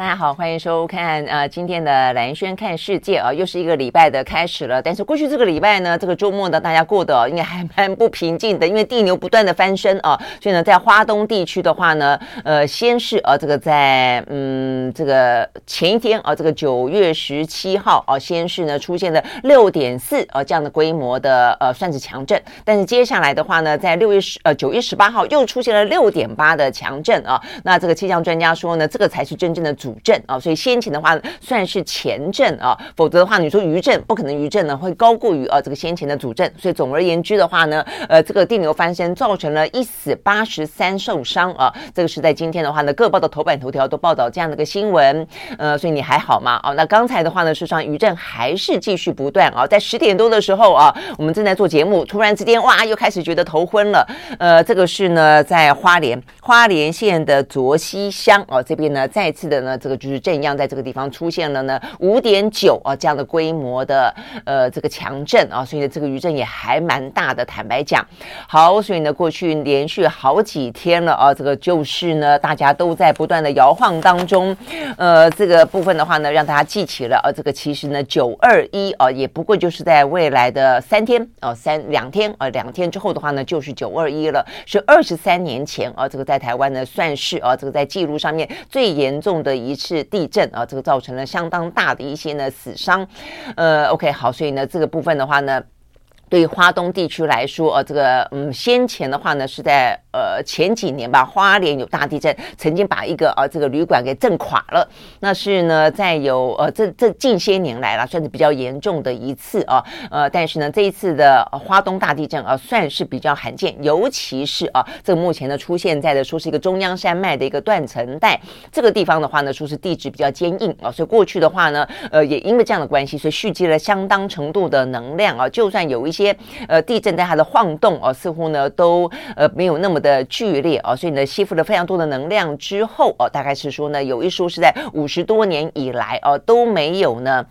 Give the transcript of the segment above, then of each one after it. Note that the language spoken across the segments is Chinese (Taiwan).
大家好，歡迎收看呃今天的蘭萱看世界啊，又是一個禮拜的開始了。但是過去這個禮拜呢，這個周末呢，大家過得應該還蠻不平靜的，因為地牛不斷的翻身啊，所以呢，在花東地區的話呢，呃先是呃、啊、這個在嗯這個前一天呃、啊，這個九月十七號啊先是呢出現了六點四這樣的規模的呃算是強震，但是接下來的話呢，在六月十呃九月十八號又出現了六點八的強震啊，那這個氣象專家說呢，這個才是真正的主。主震啊，所以先前的話呢算是前震啊，否則的話，你說餘震不可能，餘震呢會高過於啊這個先前的主震，所以總而言之的話呢，呃，這個地牛翻身造成了一死八十三受傷啊，這個是在今天的話呢，各報的頭版頭條都報道這樣的一個新聞，呃，所以你還好嗎？哦，那剛才的話呢，事實上餘震還是繼續不斷啊，在十點多的時候啊，我們正在做節目，突然之間哇又開始覺得頭昏了，呃，這個是呢在花蓮花蓮縣的卓溪鄉啊這邊呢再次的呢。這個就是震央在這個地方出現了呢，五點九啊這樣的規模的呃這個強震啊，所以呢這個餘震也還蠻大的，坦白講。好，所以呢過去連續好幾天了啊，這個就是呢大家都在不斷的搖晃當中，呃這個部分的話呢，讓大家記起了啊，這個其實呢九二一啊也不過就是在未來的三天哦、啊、三兩天啊兩天之後的話呢就是九二一了，是二十三年前啊這個在台灣呢算是啊這個在記錄上面最嚴重的一。一次地震啊，這個造成了相當大的一些呢死傷，呃，OK 好，所以呢這個部分的話呢，對於花東地區來說啊，這個嗯先前的話呢是在。呃，前幾年吧，花蓮有大地震，曾經把一個呃這個旅館給震垮了。那是呢，在有呃這這近些年來啦，算是比較嚴重的一次啊。呃，但是呢，這一次的、呃、花東大地震啊，算是比較罕見，尤其是啊，這個目前呢出現在的說是一個中央山脈的一個斷層帶這個地方的話呢，說是地質比較堅硬啊，所以過去的話呢，呃，也因為這樣的關係，所以蓄積了相當程度的能量啊。就算有一些呃地震，但它的晃動啊，似乎呢都呃沒有那麼。的劇烈啊，所以呢，吸附了非常多的能量之後哦，大概是說呢，有一說是在五十多年以來哦，都沒有呢。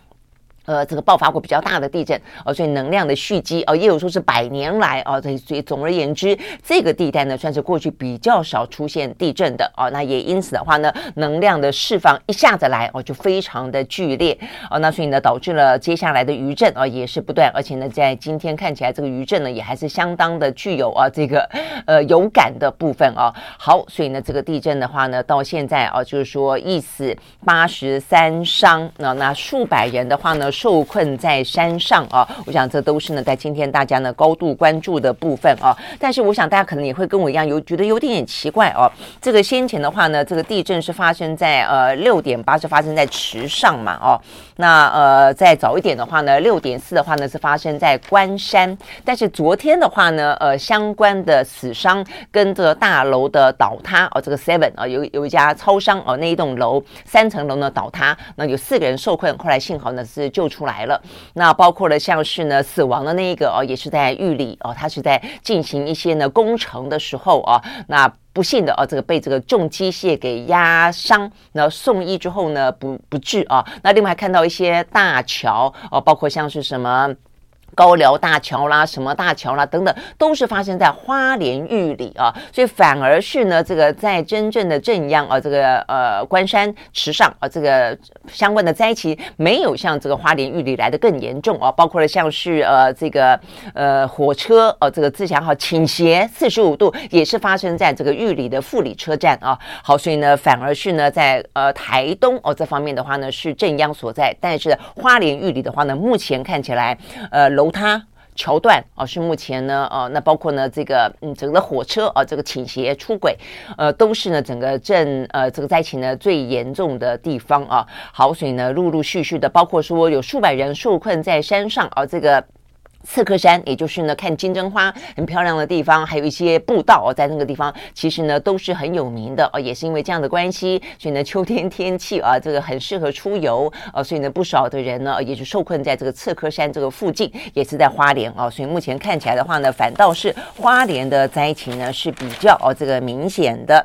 呃，這個爆發過比較大的地震，哦、呃，所以能量的蓄積，哦、呃，也有說是百年來，哦，這，所以總而言之，這個地帶呢，算是過去比較少出現地震的，哦、呃，那也因此的話呢，能量的釋放一下子來，哦、呃，就非常的劇烈，哦、呃，那所以呢，導致了接下來的餘震，哦、呃，也是不斷，而且呢，在今天看起來，這個餘震呢，也還是相當的具有啊，這個，呃，有感的部分、啊，哦，好，所以呢，這個地震的話呢，到現在，啊、呃，就是說，一死八十三傷，那、呃、那數百人的話呢，受困在山上啊，我想這都是呢，在今天大家呢，高度關注的部分啊。但是我想大家可能也會跟我一樣有覺得有點奇怪哦、啊。這個先前的話呢，這個地震是發生在呃六點八是發生在池上嘛哦、啊。那呃再早一點的話呢，六點四的話呢是發生在關山。但是昨天的話呢，呃相關的死傷跟這個大樓的倒塌哦、啊，這個 seven 啊有有一家超商啊，那一棟樓三層樓呢倒塌，那有四個人受困，後來幸好呢是。救出來了，那包括了像是呢死亡的那一個哦，也是在獄裡哦，他是在進行一些呢工程的時候啊、哦，那不幸的哦，這個被這個重機械給壓傷，那送醫之後呢不不治啊，那另外還看到一些大橋哦，包括像是什麼。高寮大橋啦，什麼大橋啦，等等，都是發生在花蓮玉里啊，所以反而是呢，這個在真正的震央啊，這個呃關山池上啊、呃，這個相關的災情沒有像這個花蓮玉里來得更嚴重啊、呃，包括了像是呃這個呃火車哦、呃，這個自強號傾斜四十五度，也是發生在這個玉里的富里車站啊、呃，好，所以呢，反而是呢在呃台東哦、呃、這方面的話呢是震央所在，但是花蓮玉里的話呢，目前看起來呃。樓塌、橋斷啊，是目前呢，啊，那包括呢，這個嗯，整個火車啊，這個傾斜出軌，呃，都是呢，整個鎮呃這個災情呢最嚴重的地方啊。好，所以呢，陸陸續續的，包括說有數百人受困在山上啊，這個。赤科山，也就是呢看金針花很漂亮的地方，還有一些步道哦，在那個地方其實呢都是很有名的哦，也是因為這樣的關係，所以呢秋天天氣啊這個很適合出遊啊、哦，所以呢不少的人呢也是受困在這個赤科山這個附近，也是在花蓮啊、哦，所以目前看起來的話呢，反倒是花蓮的災情呢是比較哦這個明顯的。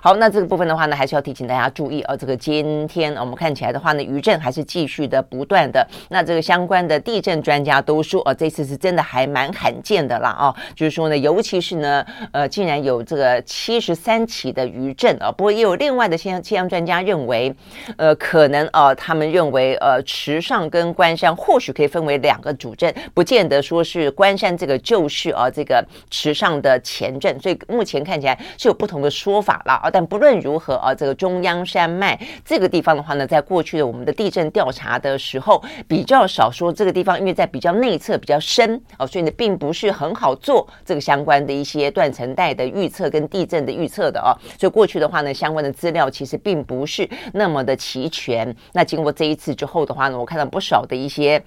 好，那這個部分的話呢，還是要提醒大家注意哦，這個今天、哦、我們看起來的話呢，餘震還是繼續的不斷的，那這個相關的地震專家都說哦這。呃這是真的還蠻罕見的啦哦、啊，就是說呢，尤其是呢，呃，竟然有這個七十三起的餘震啊。不過也有另外的氣象氣象專家認為，呃，可能啊，他們認為呃，池上跟關山或許可以分為兩個主震，不見得說是關山這個就是啊這個池上的前震。所以目前看起來是有不同的說法了。啊。但不論如何啊，這個中央山脈這個地方的話呢，在過去的我們的地震調查的時候比較少說這個地方，因為在比較內側比較。深哦，所以呢，並不是很好做這個相關的一些斷層帶的預測跟地震的預測的哦。所以過去的話呢，相關的資料其實並不是那麼的齊全。那經過這一次之後的話呢，我看到不少的一些。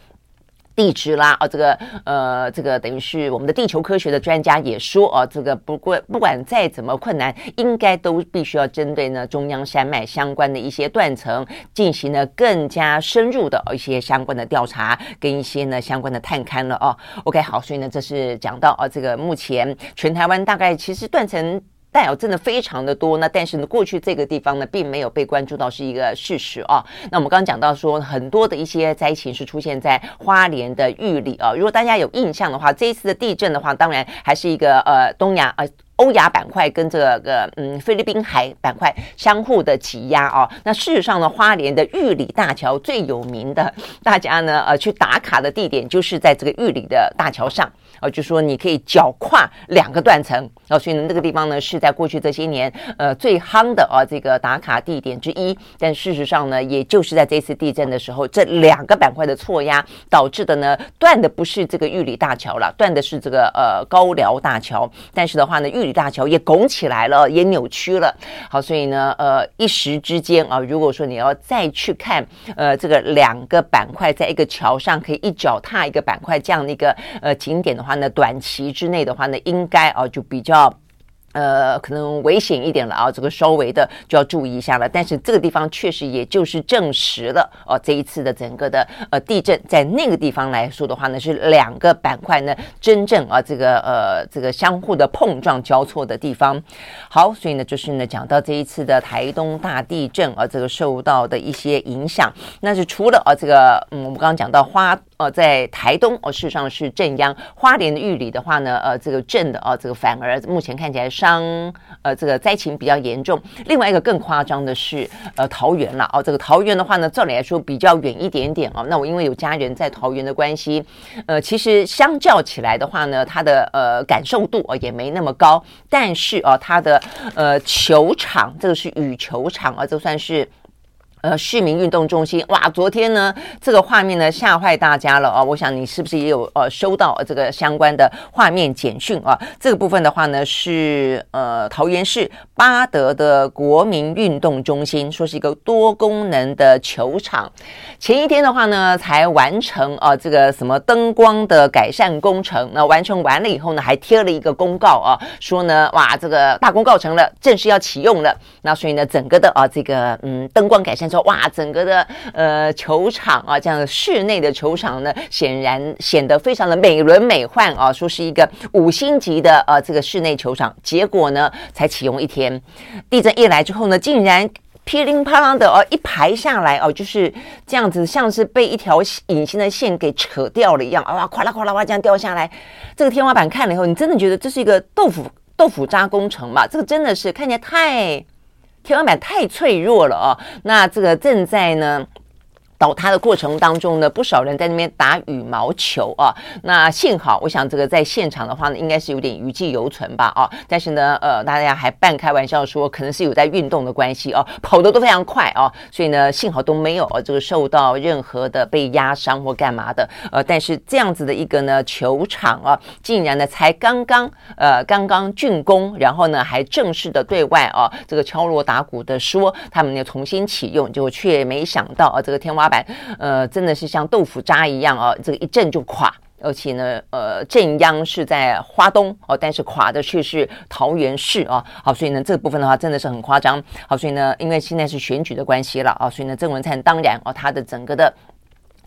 地質啦，哦，這個，呃，這個等於是我們的地球科學的專家也說，哦，這個不過不管再怎麼困難，應該都必須要針對呢中央山脈相關的一些斷層進行了更加深入的，哦，一些相關的調查跟一些呢相關的探勘了，哦，OK，好，所以呢，這是講到，哦，這個目前全台灣大概其實斷層。代表真的非常的多，那但是呢，過去這個地方呢，並沒有被關注到是一個事實啊。那我們剛剛講到說，很多的一些災情是出現在花蓮的玉里啊。如果大家有印象的話，這一次的地震的話，當然還是一個，呃，東亞，呃，歐亞板塊跟這個嗯菲律賓海板塊相互的擠壓啊，那事實上呢，花蓮的玉里大橋最有名的，大家呢呃去打卡的地點就是在這個玉里的大橋上啊、呃，就說你可以腳跨兩個斷層啊，所以呢那個地方呢是在過去這些年呃最夯的啊、呃、這個打卡地點之一。但事實上呢，也就是在這次地震的時候，這兩個板塊的錯壓導致的呢斷的不是這個玉里大橋了，斷的是這個呃高寮大橋，但是的話呢玉。大橋也拱起來了，也扭曲了。好，所以呢，呃，一時之間啊、呃，如果說你要再去看，呃，這個兩個板塊在一個橋上可以一腳踏一個板塊這樣的一個呃景點的話呢，短期之內的話呢，應該啊、呃，就比較。呃，可能危險一點了啊，這個稍微的就要注意一下了。但是這個地方確實也就是證實了哦、呃，這一次的整個的呃地震，在那個地方來說的話呢，是兩個板塊呢真正啊、呃、這個呃這個相互的碰撞交錯的地方。好，所以呢就是呢講到這一次的台東大地震啊、呃，這個受到的一些影響，那是除了啊、呃、這個嗯我們剛剛講到花，.哦、呃，在台東哦、呃，事實上是震央花蓮的玉里的話呢，呃，這個震的哦、呃，這個反而目前看起來傷，呃，這個災情比較嚴重。另外一個更誇張的是，呃，桃園了哦、呃，這個桃園的話呢，照理來說比較遠一點點哦、呃，那我因為有家人在桃園的關係，呃，其實相較起來的話呢，它的呃感受度哦、呃、也沒那麼高，但是哦、呃，它的呃球場，這個是羽球場啊，就、呃、算是。呃，市民運動中心哇，昨天呢，這個畫面呢嚇壞大家了哦、啊，我想你是不是也有呃收到這個相關的畫面簡訊啊？這個部分的話呢，是呃桃園市八德的國民運動中心，說是一個多功能的球場。前一天的話呢，才完成啊這個什麼燈光的改善工程。那完成完了以後呢，還貼了一個公告啊，說呢，哇，這個大功告成了，正式要啟用了。那所以呢，整個的啊這個嗯燈光改善中。哇，整個的呃球場啊，這樣的室內的球場呢，顯然顯得非常的美輪美奐啊，說是一個五星級的呃這個室內球場，結果呢才啟用一天，地震一來之後呢，竟然噼里啪啦的哦一排下來哦，就是這樣子，像是被一條隱形的線給扯掉了一樣，啊嘩啦嘩啦嘩這樣掉下來，這個天花板看了以後，你真的覺得這是一個豆腐豆腐渣工程嘛，這個真的是看起來太。天花板太脆弱了哦，那這個正在呢，倒塌的過程當中呢，不少人在那邊打羽毛球啊。那幸好，我想這個在現場的話呢，應該是有點餘悸猶存吧啊。但是呢，呃，大家還半開玩笑說，可能是有在運動的關係啊，跑得都非常快啊，所以呢，幸好都沒有，啊，這個受到任何的被壓傷或幹嘛的。呃，但是這樣子的一個呢球場啊，竟然呢才剛剛呃剛剛竣工，然後呢還正式的對外啊這個敲鑼打鼓的說他們要重新啟用，結果卻沒想到啊這個天花。呃，真的是像豆腐渣一樣啊、哦！這個一震就垮，而且呢，呃，震央是在花東哦，但是垮的卻是，是桃園市啊！好、哦哦，所以呢，這部分的話真的是很誇張。好、哦，所以呢，因為現在是選舉的關係了啊、哦，所以呢，鄭文燦當然哦，他的整個的。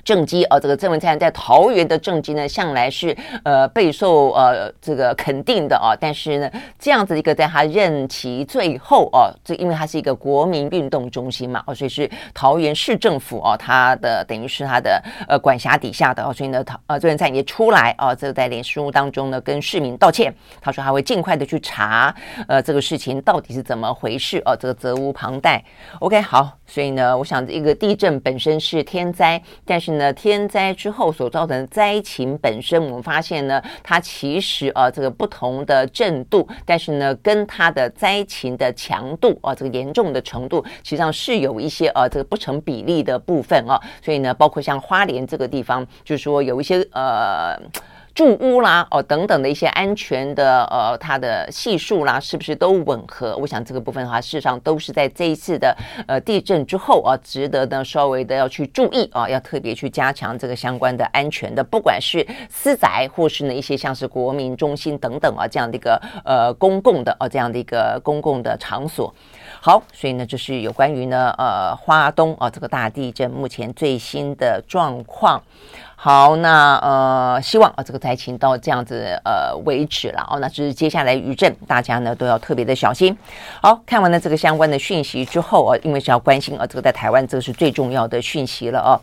政績哦、啊，這個鄭文燦在桃園的政績呢，向來是呃備受呃這個肯定的哦、啊。但是呢，這樣子一個在他任期最後哦、啊，這因為他是一個國民運動中心嘛，哦，所以是桃園市政府哦、啊，他的等於是他的呃管轄底下的哦，所以呢，桃呃鄭文燦也出來哦、啊，這個在臉書當中呢，跟市民道歉，他說他會儘快的去查呃這個事情到底是怎麼回事哦、啊，這個責無旁貸。OK，好，所以呢，我想這個地震本身是天災，但是呢，天災之後所造成的災情本身，我們發現呢，它其實呃、啊、這個不同的震度，但是呢，跟它的災情的強度啊，這個嚴重的程度，實際上是有一些呃、啊、這個不成比例的部分啊，所以呢，包括像花蓮這個地方，就是說有一些呃。住屋啦，哦，等等的一些安全的，呃，它的係數啦，是不是都吻合？我想這個部分的話，事實上都是在這一次的呃地震之後啊、呃，值得呢稍微的要去注意啊、呃，要特別去加強這個相關的安全的，不管是私宅或是呢一些像是國民中心等等啊、呃、這樣的一個呃公共的啊、呃、這樣的一個公共的場所。好，所以呢就是有關於呢呃花東啊這個大地震目前最新的狀況。好，那呃，希望啊、呃，這個災情到這樣子呃為止了哦。那是接下來餘震，大家呢都要特別的小心。好，看完了這個相關的訊息之後啊、呃，因為是要關心啊、呃，這個在台灣這個是最重要的訊息了哦。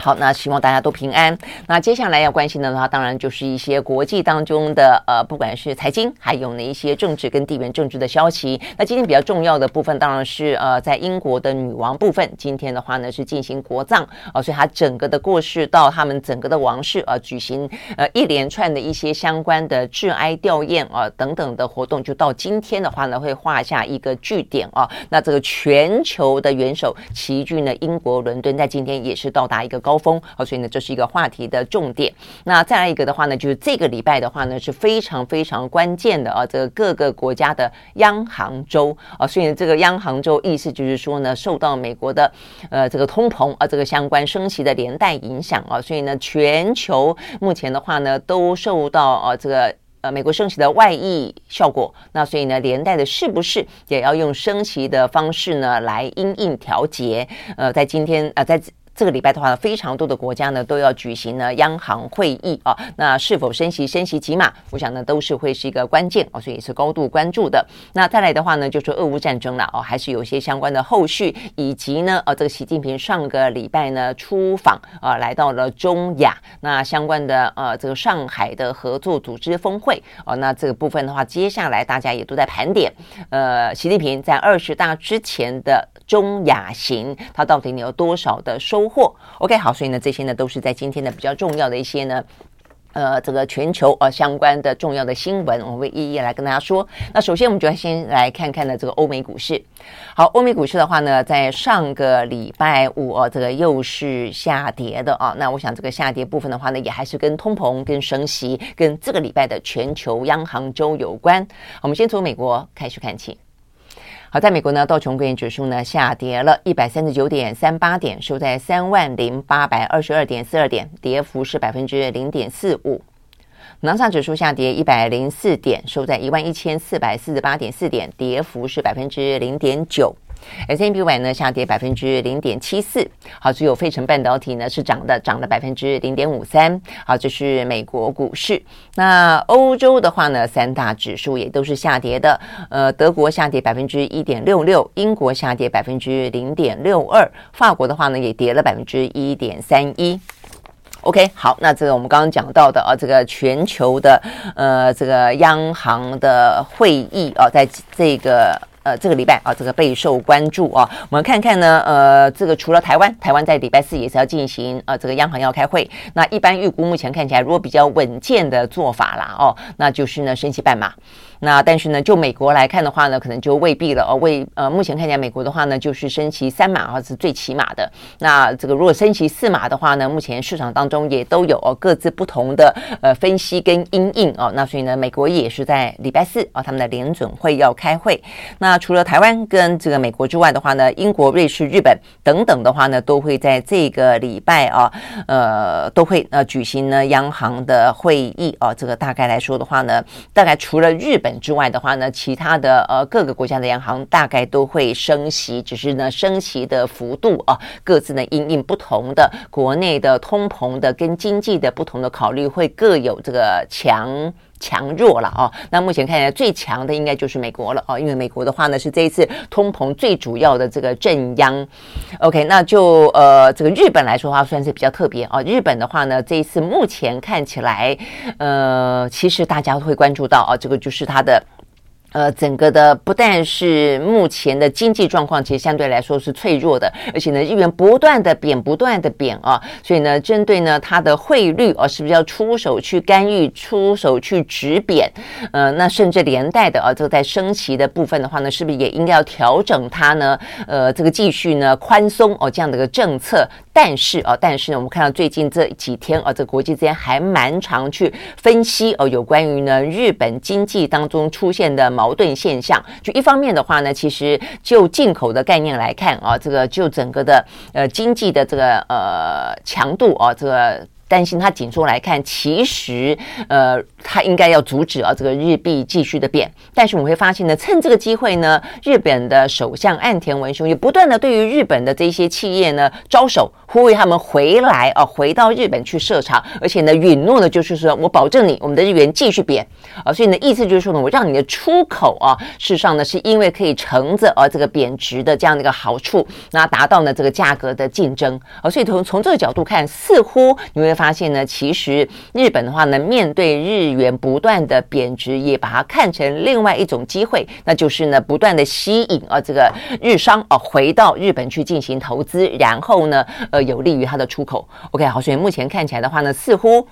好，那希望大家都平安。那接下來要關心的話，當然就是一些國際當中的呃，不管是財經，還有那一些政治跟地緣政治的消息。那今天比較重要的部分，當然是呃，在英國的女王部分，今天的話呢是進行國葬啊、呃，所以她整個的過世到他們整個的王室呃舉行呃一連串的一些相關的致哀弔唁啊、呃、等等的活動，就到今天的話呢會畫下一個句點啊。那這個全球的元首齊聚呢，英國倫敦，在今天也是到達一個高。高峰啊，所以呢，這是一個話題的重點。那再來一個的話呢，就是這個禮拜的話呢，是非常非常關鍵的啊。這個各個國家的央行周啊，所以呢這個央行周意思就是說呢，受到美國的呃這個通膨啊這個相關升息的連帶影響啊，所以呢，全球目前的話呢，都受到啊這個呃美國升息的外溢效果。那、啊、所以呢，連帶的是不是也要用升息的方式呢來因應調節？呃，在今天啊、呃，在。這個禮拜的話，非常多的國家呢都要舉行呢央行會議啊、哦，那是否升息、升息幾碼？我想呢都是會是一個關鍵哦，所以也是高度關注的。那再來的話呢，就是俄烏戰爭了哦，還是有些相關的後續，以及呢，呃、哦，這個習近平上個禮拜呢出訪啊、呃，來到了中亞，那相關的呃這個上海的合作組織峰會哦，那這個部分的話，接下來大家也都在盤點。呃，習近平在二十大之前的中亞行，他到底能有多少的收收穫，OK，好，所以呢，這些呢都是在今天的比較重要的一些呢，呃，這個全球呃相關的重要的新聞，我們會一,一一來跟大家說。那首先，我們就要先來看看呢這個歐美股市。好，歐美股市的話呢，在上個禮拜五哦、呃，這個又是下跌的啊。那我想這個下跌部分的話呢，也還是跟通膨、跟升息、跟這個禮拜的全球央行週有關。我們先從美國開始看起。好，在美國呢，道瓊工業指數呢下跌了一百三十九點三八點，收在三萬零八百二十二點四二點，跌幅是百分之零點四五。納斯達克指數下跌一百零四點，收在一萬一千四百四十八點四點，跌幅是百分之零點九。S&P 500呢，下跌百分之零點七四，好，只有費城半導體呢是漲的，漲了百分之零點五三，好，這是美國股市。那歐洲的話呢，三大指數也都是下跌的。呃，德國下跌百分之一點六六，英國下跌百分之零點六二，法國的話呢也跌了百分之一點三一。OK，好，那這個我們剛剛講到的啊，這個全球的呃這個央行的會議啊，在這個。呃，這個禮拜啊，這個備受關注啊，我們看看呢，呃，這個除了台灣，台灣在禮拜四也是要進行呃、啊，這個央行要開會，那一般預估目前看起來，如果比較穩健的做法啦，哦、啊，那就是呢，升息半碼。那但是呢，就美國來看的話呢，可能就未必了哦。未呃，目前看起來，美國的話呢，就是升息三碼、啊、是最起碼的。那這個如果升息四碼的話呢，目前市場當中也都有、哦、各自不同的呃分析跟因應哦。那所以呢，美國也是在禮拜四啊、哦，他們的聯準會要開會。那除了台灣跟這個美國之外的話呢，英國、瑞士、日本等等的話呢，都會在這個禮拜啊、哦，呃，都會呃舉行呢央行的會議哦，這個大概來說的話呢，大概除了日本。之外的話呢，其他的呃各個國家的央行大概都會升息，只是呢升息的幅度啊，各自呢因應不同的國內的通膨的跟經濟的不同的考慮，會各有這個強。強弱了哦、啊，那目前看起來最強的應該就是美國了哦、啊，因為美國的話呢是這一次通膨最主要的這個震央，OK，那就呃這個日本來說的話算是比較特別哦、啊，日本的話呢這一次目前看起來呃其實大家會關注到哦、啊，這個就是它的。呃，整個的不但是目前的經濟狀況，其實相對來說是脆弱的，而且呢，日元不斷的貶，不斷的貶啊，所以呢，針對呢它的匯率啊、呃，是不是要出手去干預，出手去止貶？呃，那甚至連帶的啊、呃，這個、在升息的部分的話呢，是不是也應該要調整它呢？呃，這個繼續呢寬鬆哦、呃、這樣的一個政策，但是啊、呃，但是呢，我們看到最近這幾天啊、呃，這個、國際之間還蠻常去分析哦、呃，有關於呢日本經濟當中出現的。矛盾現象，就一方面的話呢，其實就進口的概念來看啊，這個就整個的呃經濟的這個呃強度啊，這個擔心它緊縮來看，其實呃。他應該要阻止啊，這個日幣繼續的貶。但是我們會發現呢，趁這個機會呢，日本的首相岸田文雄也不斷的對於日本的這些企業呢招手，呼籲他們回來啊，回到日本去設廠。而且呢，允諾的就是說我保證你，我們的日元繼續貶啊。所以呢意思就是說呢，我讓你的出口啊，事實上呢是因為可以乘着啊這個貶值的這樣的一個好處，那達到呢這個價格的競爭啊。所以從從這個角度看，似乎你會發現呢，其實日本的話呢，面對日元不斷的貶值，也把它看成另外一種機會，那就是呢，不斷的吸引啊，這個日商啊回到日本去進行投資，然後呢，呃，有利於它的出口。OK，好，所以目前看起來的話呢，似乎。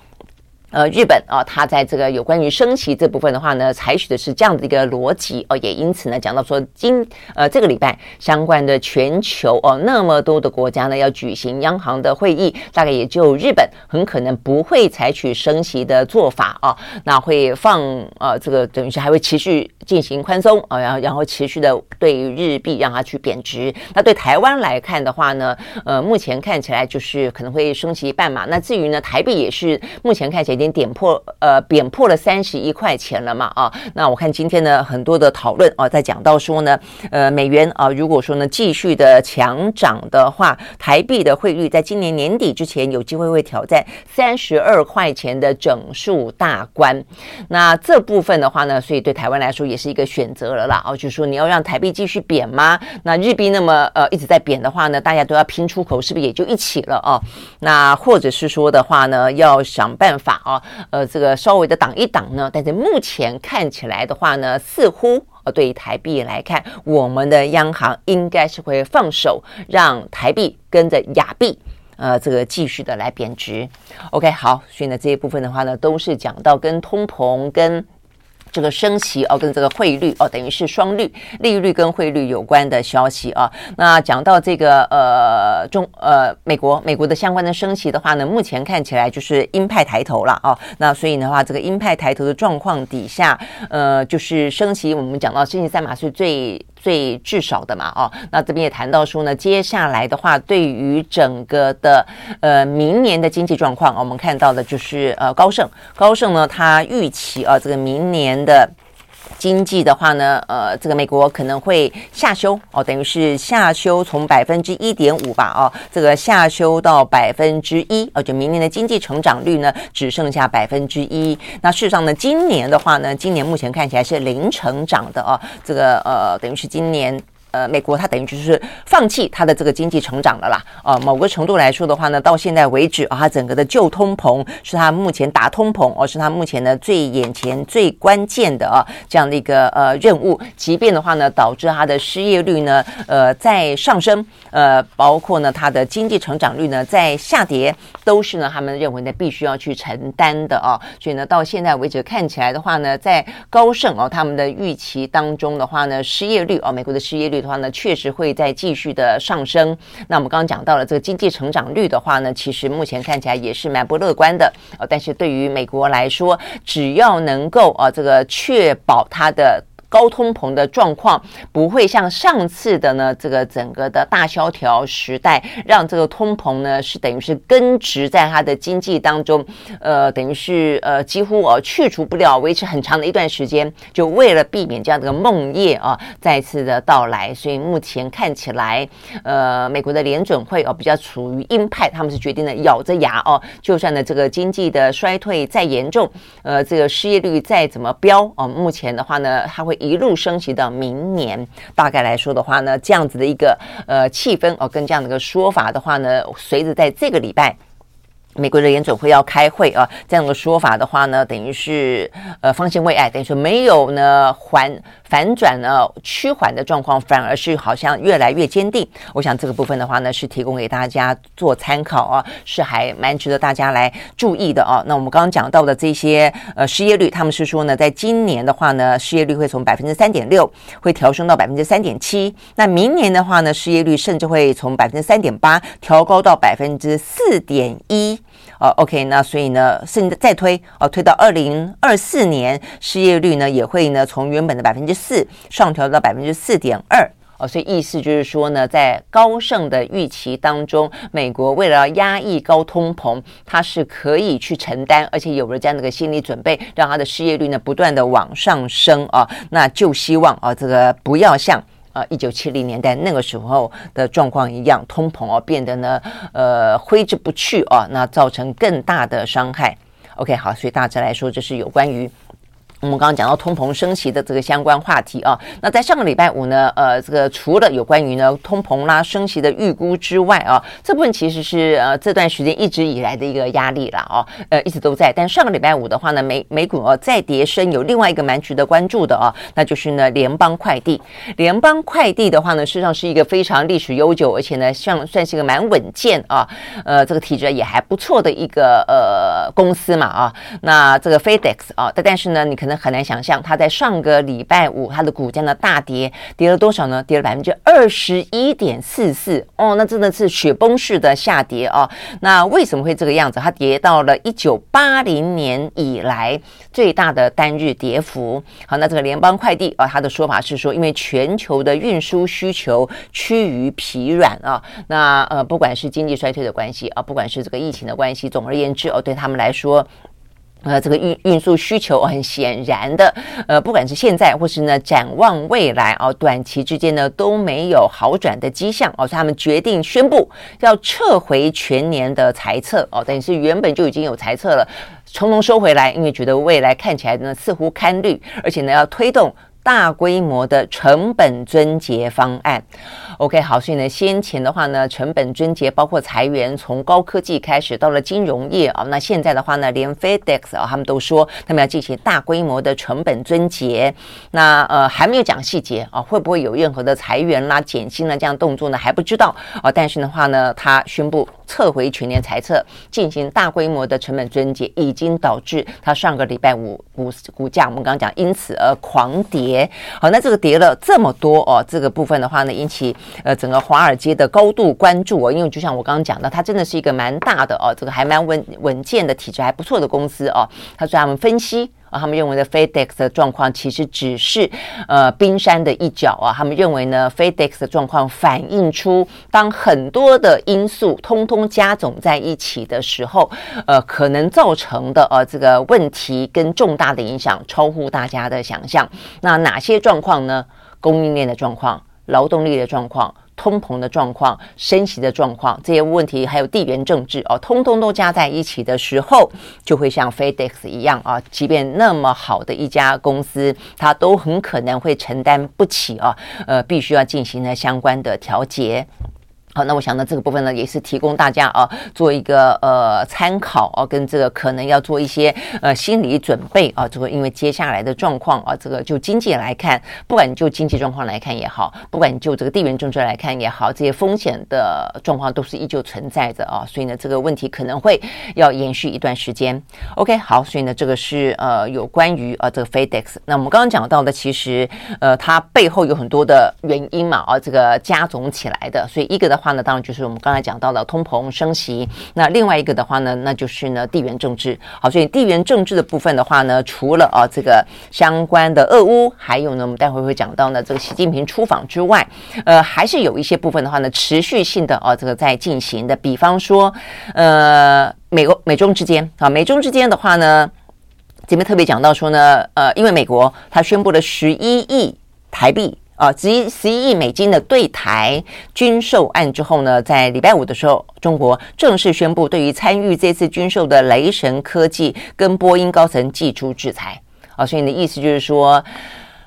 呃，日本啊，它、哦、在這個有關於升息這部分的話呢，採取的是這樣的一個邏輯哦，也因此呢，講到說今呃這個禮拜相關的全球哦那麼多的國家呢要舉行央行的會議，大概也就日本很可能不會採取升息的做法啊、哦，那會放呃這個等於是還會持續進行寬鬆啊、哦，然後然後持續的對日幣讓它去貶值。那對台灣來看的話呢，呃，目前看起來就是可能會升息半碼，那至於呢，台幣也是目前看起來。已經點破，呃，貶破了三十一塊錢了嘛，啊，那我看今天呢，很多的討論啊，在講到說呢，呃，美元啊，如果說呢繼續的強漲的話，台幣的匯率在今年年底之前，有機會會挑戰三十二塊錢的整數大關。那這部分的話呢，所以對台灣來說，也是一個選擇了啦。哦，就是說你要讓台幣繼續貶嗎？那日幣那麼呃一直在貶的話呢，大家都要拼出口，是不是也就一起了啊？那或者是說的話呢，要想辦法，哦。啊，呃，這個稍微的擋一擋呢，但是目前看起來的話呢，似乎呃，對於台幣來看，我們的央行應該是會放手，讓台幣跟着亞幣，呃，這個繼續的來貶值。OK，好，所以呢，這一部分的話呢，都是講到跟通膨跟。這個升息哦，跟這個匯率哦，等於是雙率，利率跟匯率有關的消息啊。那講到這個呃中，呃美國美國的相關的升息的話呢，目前看起來就是鷹派抬頭了啊。那所以的話，這個鷹派抬頭的狀況底下，呃，就是升息。我們講到升息三碼是最，最至少的嘛、啊，哦，那這邊也談到說呢，接下來的話，對於整個的呃明年的經濟狀況，我們看到的就是呃高盛，高盛呢，它預期啊這個明年的。經濟的話呢，呃，這個美國可能會下修哦，等於是下修從百分之一點五吧，哦，這個下修到百分之一，呃，就明年的經濟成長率呢，只剩下百分之一。那事實上呢，今年的話呢，今年目前看起來是零成長的哦，這個呃，等於是今年。呃，美國它等於就是放棄它的這個經濟成長了啦哦、呃，某個程度來說的話呢，到現在為止啊，它、哦、整個的舊通膨是它目前打通膨，而、哦、是它目前呢最眼前最關鍵的啊、哦、這樣的一個呃任務，即便的話呢，導致它的失業率呢呃在上升，呃，包括呢它的經濟成長率呢在下跌，都是呢他們認為呢必須要去承擔的哦，所以呢到現在為止看起來的話呢，在高盛哦，他們的預期當中的話呢，失業率哦，美國的失業率的話呢，確實會再繼續的上升。那我們剛剛講到了這個經濟成長率的話呢，其實目前看起來也是蠻不樂觀的。呃，但是對於美國來說，只要能夠呃、啊、這個確保它的。高通膨的狀況不會像上次的呢，這個整個的大蕭條時代，讓這個通膨呢是等於是根植在它的經濟當中，呃，等於是呃幾乎哦、啊、去除不了，維持很長的一段時間。就為了避免這樣的夢魘啊再次的到來，所以目前看起來，呃，美國的聯準會哦、啊、比較處於鷹派，他們是決定了咬着牙哦、啊，就算呢這個經濟的衰退再嚴重，呃，這個失業率再怎麼飆啊，目前的話呢，它會。一路升息到明年，大概來說的話呢，這樣子的一個呃氣氛哦、呃，跟這樣的一個說法的話呢，隨着在這個禮拜，美國的聯準會要開會啊，這樣的說法的話呢，等於是呃方興未艾，等於說沒有呢還。反轉呢，趨緩的狀況反而是好像越來越堅定。我想這個部分的話呢，是提供給大家做參考啊、哦，是還蠻值得大家來注意的啊、哦。那我們剛剛講到的這些呃失業率，他們是說呢，在今年的話呢，失業率會從百分之三點六會調升到百分之三點七。那明年的話呢，失業率甚至會從百分之三點八調高到百分之四點一。哦，OK，那所以呢，甚至再推哦，推到二零二四年，失業率呢也會呢從原本的百分之四上調到百分之四點二哦，所以意思就是說呢，在高盛的預期當中，美國為了壓抑高通膨，它是可以去承擔，而且有了這樣的一個心理準備，讓它的失業率呢不斷的往上升啊，哦，那就希望啊，哦，這個不要像。一九七零年代那個時候的狀況一樣，通膨哦變得呢呃揮之不去啊、哦，那造成更大的傷害。OK，好，所以大致來說，這是有關於。我們剛剛講到通膨升息的這個相關話題啊，那在上個禮拜五呢，呃，這個除了有關於呢通膨啦升息的預估之外啊，這部分其實是呃這段時間一直以來的一個壓力啦，啊，呃，一直都在。但上個禮拜五的話呢，美美股哦、呃、再跌深，有另外一個蠻值得關注的啊，那就是呢聯邦快遞。聯邦快遞的話呢，事實上是一個非常歷史悠久，而且呢像算是一個蠻穩健啊，呃，這個體質也還不錯的一個呃公司嘛啊。那這個 FedEx 啊，但但是呢，你可能那很難想象，它在上個禮拜五，它的股價呢大跌，跌了多少呢？跌了百分之二十一點四四哦，那真的是雪崩式的下跌哦。那為什麼會這個樣子？它跌到了一九八零年以來最大的單日跌幅。好，那這個聯邦快遞啊、哦，它的說法是說，因為全球的運輸需求趨於疲軟啊、哦，那呃，不管是經濟衰退的關係啊，不管是這個疫情的關係，總而言之哦，對他們來說。呃，這個運運輸需求很顯然的，呃，不管是現在或是呢展望未來啊、哦，短期之間呢都沒有好轉的跡象哦，所以他們決定宣布要撤回全年的財測哦，等於是原本就已經有財測了，從中收回來，因為覺得未來看起來呢似乎堪慮，而且呢要推動。大規模的成本撙節方案，OK，好，所以呢，先前的話呢，成本撙節包括裁員，從高科技開始到了金融業啊、哦，那現在的話呢，連 FedEx 啊、哦，他們都說他們要進行大規模的成本撙節，那呃還沒有講細節啊、哦，會不會有任何的裁員啦、減薪啦這樣動作呢？還不知道啊、哦，但是的話呢，他宣布。撤回全年財測進行大規模的成本撙節，已經導致它上個禮拜五股股價，我們剛剛講，因此而狂跌。好，那這個跌了這麼多哦，這個部分的話呢，引起呃整個華爾街的高度關注哦。因為就像我剛剛講的，它真的是一個蠻大的哦，這個還蠻穩穩健的體質，還不錯的公司哦。他專門分析。啊、他們認為的 FedEx 的狀況其實只是呃冰山的一角啊。他們認為呢 ，FedEx 的狀況反映出當很多的因素通通加總在一起的時候，呃，可能造成的呃這個問題跟重大的影響超乎大家的想象。那哪些狀況呢？供應鏈的狀況，勞動力的狀況。通膨的狀況、升息的狀況這些問題，還有地緣政治哦，通通都加在一起的時候，就會像 FedEx 一樣啊，即便那麼好的一家公司，它都很可能會承擔不起啊，呃，必須要進行呢相關的調節。好，那我想呢，這個部分呢也是提供大家啊做一個呃參考啊，跟這個可能要做一些呃心理準備啊，這個因為接下來的狀況啊，這個就經濟來看，不管就經濟狀況來看也好，不管就這個地緣政治來看也好，這些風險的狀況都是依舊存在的啊，所以呢，這個問題可能會要延續一段時間。OK，好，所以呢，這個是呃有關於啊這個 FedEx，那我們剛剛講到的，其實呃它背後有很多的原因嘛啊，這個加總起來的，所以一個呢。話呢，當然就是我們剛才講到了通膨升息。那另外一個的話呢，那就是呢地緣政治。好，所以地緣政治的部分的話呢，除了啊這個相關的俄烏，還有呢我們待會會講到呢這個習近平出訪之外，呃，還是有一些部分的話呢持續性的啊這個在進行的。比方說，呃，美國美中之間啊，美中之間的話呢，這邊特別講到說呢，呃，因為美國它宣布了十一億台幣，啊，十一十一億美金的對台軍售案之後呢，在禮拜五的時候，中國正式宣布對於參與這次軍售的雷神科技跟波音高層祭出制裁。啊，所以你的意思就是說。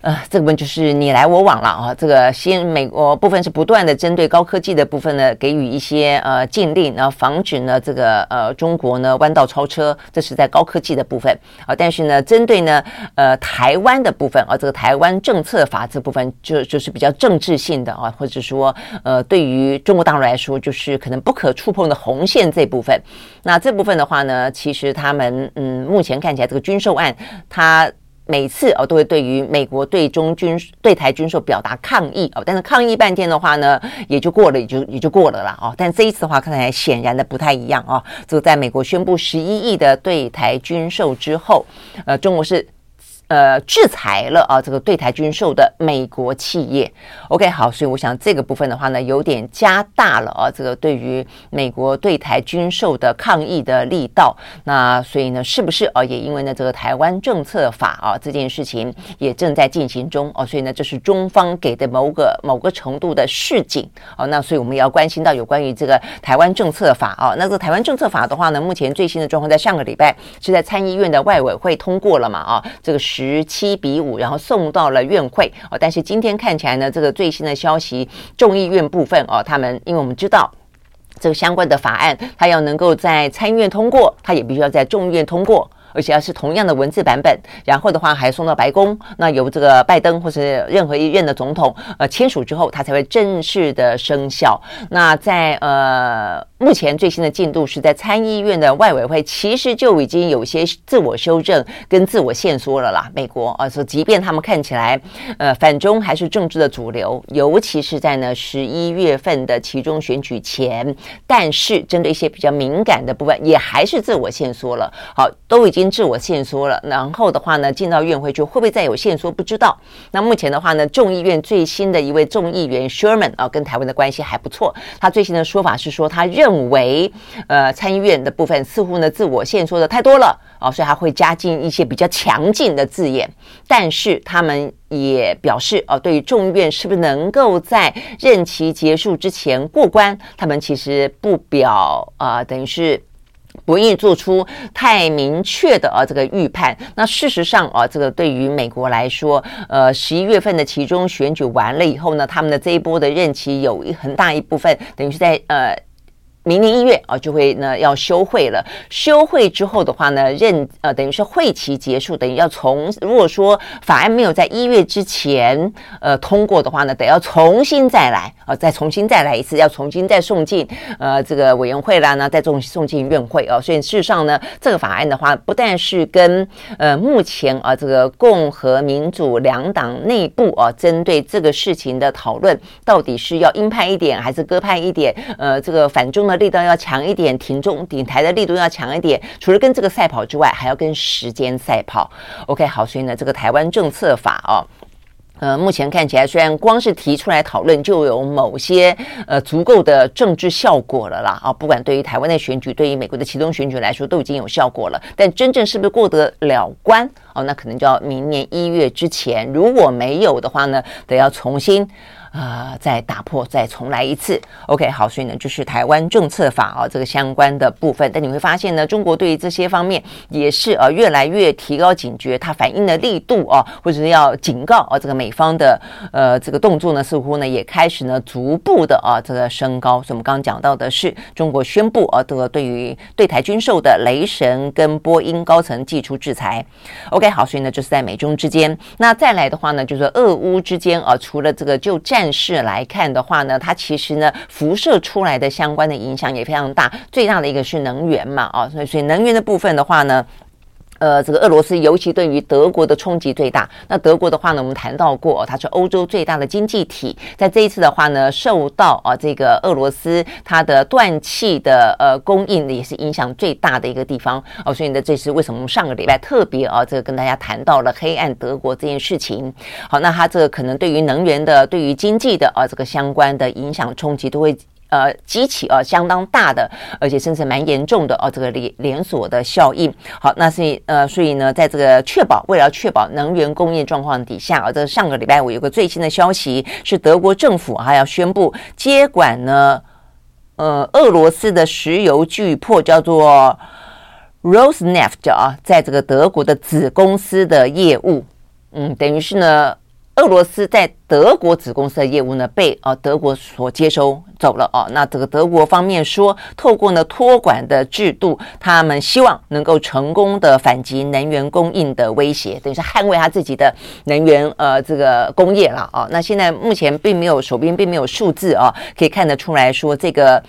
呃，這個問就是你來我往了啊。這個先，美國部分是不斷的針對高科技的部分呢，給予一些呃禁令，然後防止呢這個呃中國呢彎道超車，這是在高科技的部分啊。但是呢，針對呢呃台灣的部分，啊，這個台灣政策法這部分就就是比較政治性的啊，或者說呃對於中國大陸來說就是可能不可觸碰的紅線這部分。那這部分的話呢，其實他們嗯目前看起來這個軍售案它。每次哦，都會對於美國對中軍、對台軍售表達抗議哦，但是抗議半天的話呢，也就過了，也就也就過了了哦。但這一次的話，看起來顯然的不太一樣哦。就在美國宣布十一億的對台軍售之後，呃，中國是。呃，制裁了啊！這個對台軍售的美國企業，OK，好，所以我想這個部分的話呢，有點加大了啊！這個對於美國對台軍售的抗議的力道，那所以呢，是不是啊？也因為呢，這個台灣政策法啊這件事情也正在進行中哦、啊，所以呢，這是中方給的某個某個程度的示警哦、啊。那所以我們也要關心到有關於這個台灣政策法哦、啊。那這個、台灣政策法的話呢，目前最新的狀況在上個禮拜是在參議院的外委會通過了嘛啊？這個是。十七比五，然後送到了院會哦。但是今天看起來呢，這個最新的消息，眾議院部分哦，他們因為我們知道這個相關的法案，他要能夠在參議院通過，他也必須要在眾議院通過，而且要是同樣的文字版本。然後的話，還送到白宮，那由這個拜登或是任何一任的總統呃簽署之後，他才會正式的生效。那在呃。目前最新的進度是在參議院的外委會，其實就已經有些自我修正跟自我限縮了啦。美國啊，說即便他們看起來，呃，反中還是政治的主流，尤其是在呢十一月份的期中選舉前，但是針對一些比較敏感的部分，也還是自我限縮了。好，都已經自我限縮了，然後的話呢，進到院會就會不會再有限縮，不知道。那目前的話呢，眾議院最新的一位眾議員 Sherman 啊，跟台灣的關係還不錯，他最新的說法是說，他認為。認為呃參議院的部分似乎呢自我限縮的太多了啊，所以他會加進一些比較強勁的字眼。但是他們也表示啊，對於眾議院是不是能夠在任期結束之前過關，他們其實不表啊，等於是不願意做出太明確的啊這個預判。那事實上啊，這個對於美國來說，呃，十一月份的其中選舉完了以後呢，他們的這一波的任期有一很大一部分等於是在呃。明年一月啊，就會呢要休會了。休會之後的話呢，任呃，等於是會期結束，等於要重，如果說法案沒有在一月之前呃通過的話呢，得要重新再來啊，再重新再來一次，要重新再送進呃這個委員會啦呢，再送送進院會哦，啊，所以事實上呢，這個法案的話，不但是跟呃目前啊這個共和民主兩黨內部啊，針對這個事情的討論，到底是要鷹派一點還是鴿派一點？呃，這個反中。力道要強一點，挺中頂台的力度要強一點。除了跟這個賽跑之外，還要跟時間賽跑。OK，好，所以呢，這個臺灣政策法啊、哦，呃，目前看起來雖然光是提出來討論就有某些呃足夠的政治效果了啦啊、哦，不管對於臺灣的選舉，對於美國的期中選舉來說都已經有效果了。但真正是不是過得了關哦，那可能就要明年一月之前，如果沒有的話呢，得要重新。啊、呃，再打破，再重來一次。OK，好，所以呢，就是台灣政策法啊，這個相關的部分。但你會發現呢，中國對於這些方面也是啊，越來越提高警覺，它反應的力度啊，或者是要警告啊，這個美方的呃這個動作呢，似乎呢也開始呢逐步的啊這個升高。所以我們剛剛講到的是，中國宣布啊，這個對於對台軍售的雷神跟波音高層祭出制裁。OK，好，所以呢，就是在美中之間，那再來的話呢，就是俄烏之間啊，除了這個就戰。但是來看的話呢，它其實呢輻射出來的相關的影響也非常大。最大的一個是能源嘛，啊，所以能源的部分的話呢，呃，這個俄羅斯尤其對於德國的衝擊最大。那德國的話呢，我們談到過，哦、它是歐洲最大的經濟體，在這一次的話呢，受到啊這個俄羅斯它的斷氣的呃供應呢，也是影響最大的一個地方哦。所以呢，這是為什麼上個禮拜特別啊，這個跟大家談到了“黑暗德國”這件事情。好，那它這個可能對於能源的、對於經濟的啊這個相關的影響衝擊都會。呃，激起呃相當大的，而且甚至蠻嚴重的哦、啊，這個連連鎖的效應。好，那所以呃，所以呢，在這個確保，為了確保能源供應狀況底下啊，這上個禮拜五有個最新的消息，是德國政府還、啊、要宣布接管呢，呃，俄羅斯的石油巨擘，叫做 Rosneft e 啊，在這個德國的子公司的業務。嗯，等於是呢。俄羅斯在德國子公司的業務呢，被啊德國所接收走了哦、啊，那這個德國方面說，透過呢托管的制度，他們希望能夠成功的反擊能源供應的威脅，等於是捍衛他自己的能源呃這個工業了哦、啊，那現在目前並沒有手邊並沒有數字啊，可以看得出來說這個。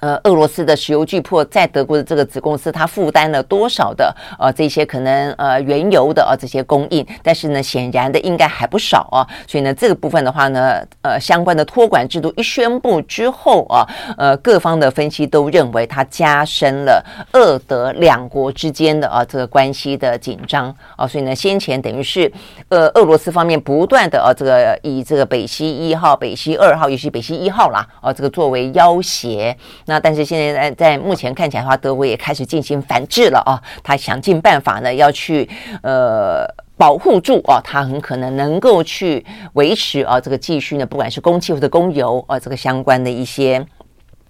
呃，俄羅斯的石油巨擘在德國的這個子公司，它負擔了多少的呃這些可能呃原油的啊、呃、這些供應？但是呢，顯然的應該還不少啊。所以呢，這個部分的話呢，呃，相關的托管制度一宣布之後啊，呃，各方的分析都認為它加深了俄德兩國之間的啊這個關係的緊張啊。所以呢，先前等於是呃俄羅斯方面不斷的啊這個以這個北溪一號、北溪二號，尤其北溪一號啦啊這個作為要挾。那但是現在在目前看起來的話，德國也開始進行反制了啊！他想盡辦法呢，要去呃保護住啊，他很可能能夠去維持啊這個繼續呢，不管是供氣或者供油啊，這個相關的一些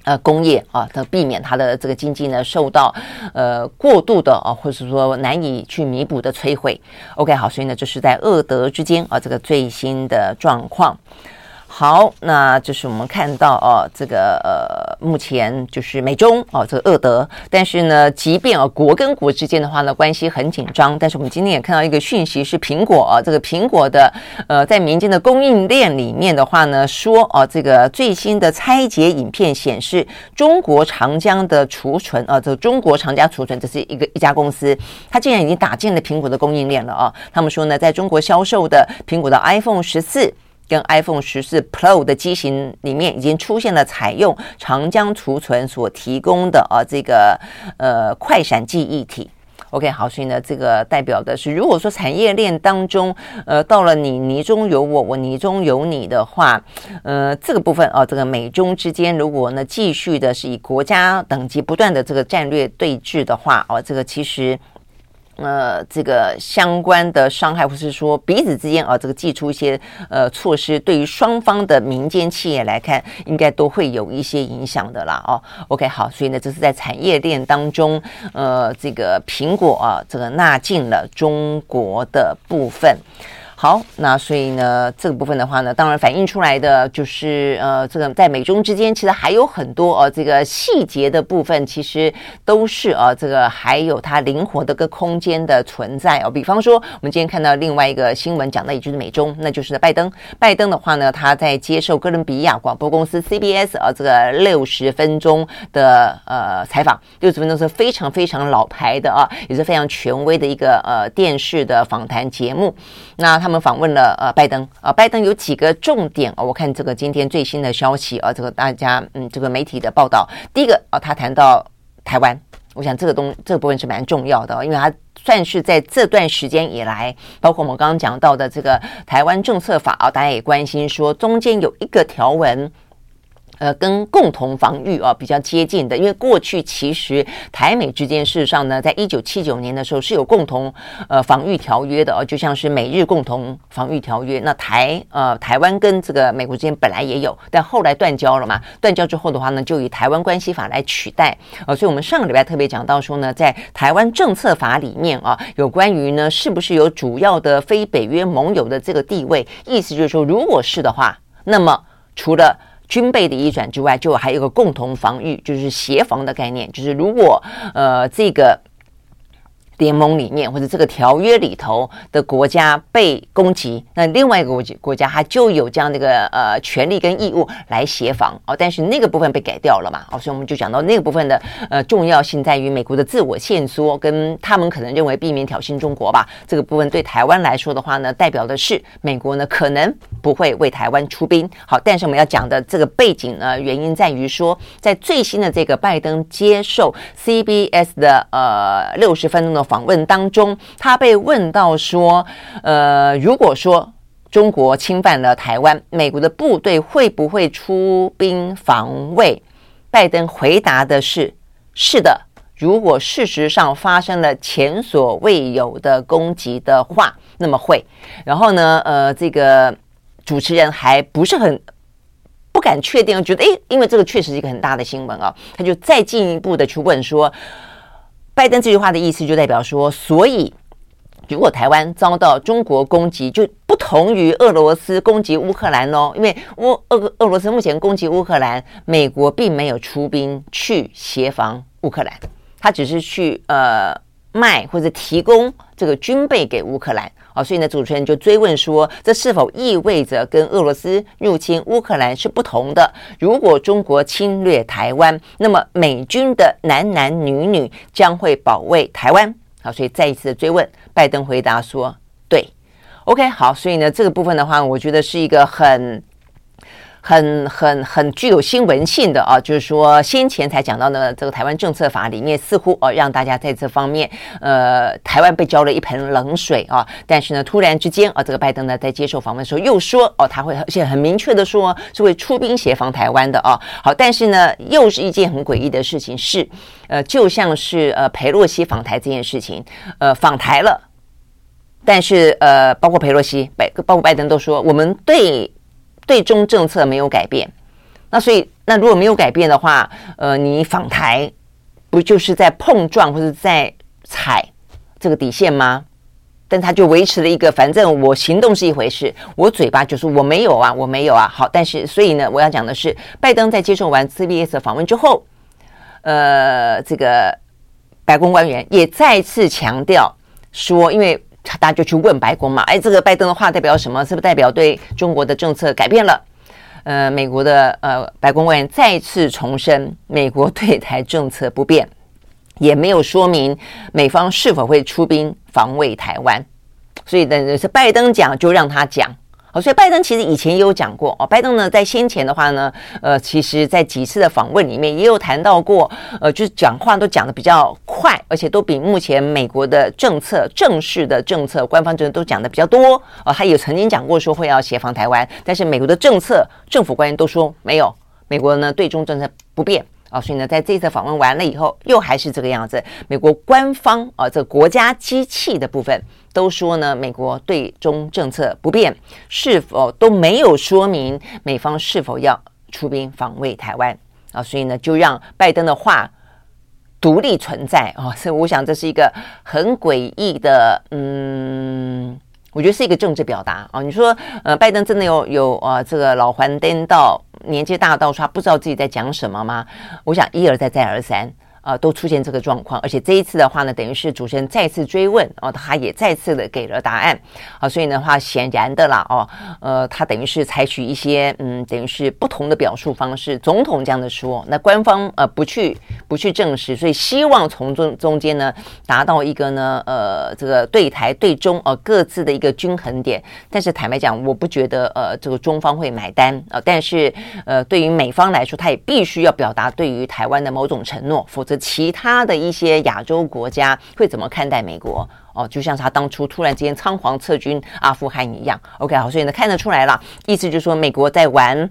呃工業啊，他避免他的這個經濟呢受到呃過度的啊，或者說難以去彌補的摧毀。OK，好，所以呢，這是在俄德之間啊這個最新的狀況。好，那就是我們看到哦、啊，這個呃，目前就是美中哦，這個惡德。但是呢，即便啊，國跟國之間的話呢，關係很緊張。但是我們今天也看到一個訊息，是蘋果、啊、這個蘋果的呃，在民間的供應鏈裡面的話呢，說啊，這個最新的拆解影片顯示，中國長江的儲存啊，這個、中國長江儲存，這是一個一家公司，它竟然已經打進了蘋果的供應鏈了啊。他們說呢，在中國銷售的蘋果的 iPhone 十四，跟 iPhone 十四 Pro 的機型裡面已經出現了採用長江存儲，所提供的啊，這個呃，快閃記憶體。OK，好，所以呢，這個代表的是，如果說產業鏈當中呃，到了你泥中有我，我泥中有你的話，呃，這個部分啊，這個美中之間如果呢，繼續的是以國家等級不斷的這個戰略對峙的話，哦、呃、這個其實。呃，這個相關的傷害，或是說彼此之間啊，呃，這個祭出一些呃措施，對於雙方的民間企業來看，應該都會有一些影響的啦。哦，OK，好，所以呢，這是在產業鏈當中，呃，這個蘋果啊，這個納進了中國的部分。好，那所以呢，這個部分的話呢，當然反映出來的就是呃，這個在美中之間其實還有很多呃，這個細節的部分其實都是呃這個還有它靈活的個空間的存在，呃，比方說，我們今天看到另外一個新聞講的也就是美中，那就是拜登。拜登的話呢，他在接受哥倫比亞廣播公司 CBS 呃這個六十分鐘的呃採訪，六十分鐘是非常非常老牌的啊，也是非常權威的一個呃電視的訪談節目。那他。我們訪問了呃拜登啊，拜登有幾個重點啊、哦？我看這個今天最新的消息啊、哦，這個大家嗯，這個媒體的報道第一個啊、哦，他談到台灣，我想這個東這個部分是蠻重要的，因為他算是在這段時間以來，包括我們剛剛講到的這個台灣政策法啊、哦，大家也關心說中間有一個條文。呃，跟共同防禦啊比較接近的，因為過去其實台美之間事實上呢，在一九七九年的時候是有共同呃防禦條約的啊、哦，就像是美日共同防禦條約。那台呃台灣跟這個美國之間本來也有，但後來斷交了嘛。斷交之後的話呢，就以台灣關係法來取代。呃，所以我們上個禮拜特別講到說呢，在台灣政策法裡面啊，有關於呢是不是有主要的非北約盟友的這個地位，意思就是說，如果是的話，那麼除了軍備的移轉之外，就還有一個共同防禦，就是協防的概念。就是如果，呃，這個。聯盟裡面或者這個條約裡頭的國家被攻擊，那另外一個國國家它就有這樣的一個呃權利跟義務來協防哦，但是那個部分被改掉了嘛，哦，所以我們就講到那個部分的呃重要性在於美國的自我限縮跟他們可能認為避免挑釁中國吧。這個部分對台灣來說的話呢，代表的是美國呢可能不會為台灣出兵。好，但是我們要講的這個背景呢，原因在於說，在最新的這個拜登接受 CBS 的呃六十分鐘的。訪問當中，他被問到說：“呃，如果說中國侵犯了台灣，美國的部隊會不會出兵防衛？”拜登回答的是：“是的，如果事實上發生了前所未有的攻擊的話，那麼會。”然後呢，呃，這個主持人還不是很不敢確定，覺得誒，因為這個確實是一個很大的新聞啊、哦，他就再進一步的去問說。拜登這句話的意思就代表說，所以如果台灣遭到中國攻擊，就不同於俄羅斯攻擊烏克蘭咯，哦，因為烏俄俄俄羅斯目前攻擊烏克蘭，美國並沒有出兵去協防烏克蘭，他只是去呃賣或者提供這個軍備給烏克蘭。所以呢，主持人就追問說：“這是否意味着跟俄羅斯入侵烏克蘭是不同的？如果中國侵略台灣，那麼美軍的男男女女將會保衛台灣？”好，所以再一次的追問，拜登回答說：“對。” OK，好，所以呢，這個部分的話，我覺得是一個很很很很具有新聞性的啊，就是說先前才講到的這個台灣政策法裡面似乎哦讓大家在這方面呃台灣被澆了一盆冷水啊，但是呢突然之間啊這個拜登呢在接受訪問的時候又說哦他會，而且很明確的說是會出兵協防台灣的啊，好，但是呢又是一件很詭異的事情是呃，就像是呃裴洛西訪台這件事情呃訪台了，但是呃包括裴洛西拜，包括拜登都說我們對。最終政策沒有改變，那所以那如果沒有改變的話，呃，你訪台不就是在碰撞或者在踩這個底線嗎？但他就維持了一個，反正我行動是一回事，我嘴巴就是我沒有啊，我沒有啊。好，但是所以呢，我要講的是，拜登在接受完 CBS 的訪問之後，呃，這個白宮官員也再次強調說，因為。大家就去問白宮嘛。哎，這個拜登的話代表什麼？是不是代表對中國的政策改變了？呃，美國的呃白宮官員再次重申，美國對台政策不變，也沒有說明美方是否會出兵防衛台灣。所以呢，是拜登講就讓他講。好、哦，所以拜登其實以前也有講過哦。拜登呢，在先前的話呢，呃，其實，在幾次的訪問裡面，也有談到過，呃，就是講話都講得比較快，而且都比目前美國的政策、正式的政策、官方政策都講得比較多。哦，他也曾經講過說會要協防台灣，但是美國的政策，政府官員都說沒有。美國呢，對中政策不變啊、哦，所以呢，在這次訪問完了以後，又還是這個樣子。美國官方啊、哦，這個、國家機器的部分。都說呢，美國對中政策不變，是否都沒有說明美方是否要出兵防衛台灣啊？所以呢，就讓拜登的話獨立存在啊！所以我想這是一個很詭異的，嗯，我覺得是一個政治表達啊！你說，呃，拜登真的有有啊這個老還顛倒、年紀大到他不知道自己在講什麼嗎？我想一而再，再而三。啊、呃，都出現這個狀況，而且這一次的話呢，等於是主持人再次追問，哦，他也再次的給了答案，啊，所以的話，顯然的啦，哦，呃，他等於是採取一些，嗯，等於是不同的表述方式。總統這樣的說，那官方呃不去不去證實，所以希望從中中間呢達到一個呢，呃，這個對台對中呃、哦、各自的一個均衡點。但是坦白講，我不覺得呃這個中方會買單呃，但是呃對於美方來說，他也必須要表達對於台灣的某種承諾，否則。其他的一些亞洲國家會怎麼看待美國？哦，就像是他當初突然之間倉皇撤軍阿富汗一樣。OK，好，所以呢，看得出來了，意思就是說美國在玩。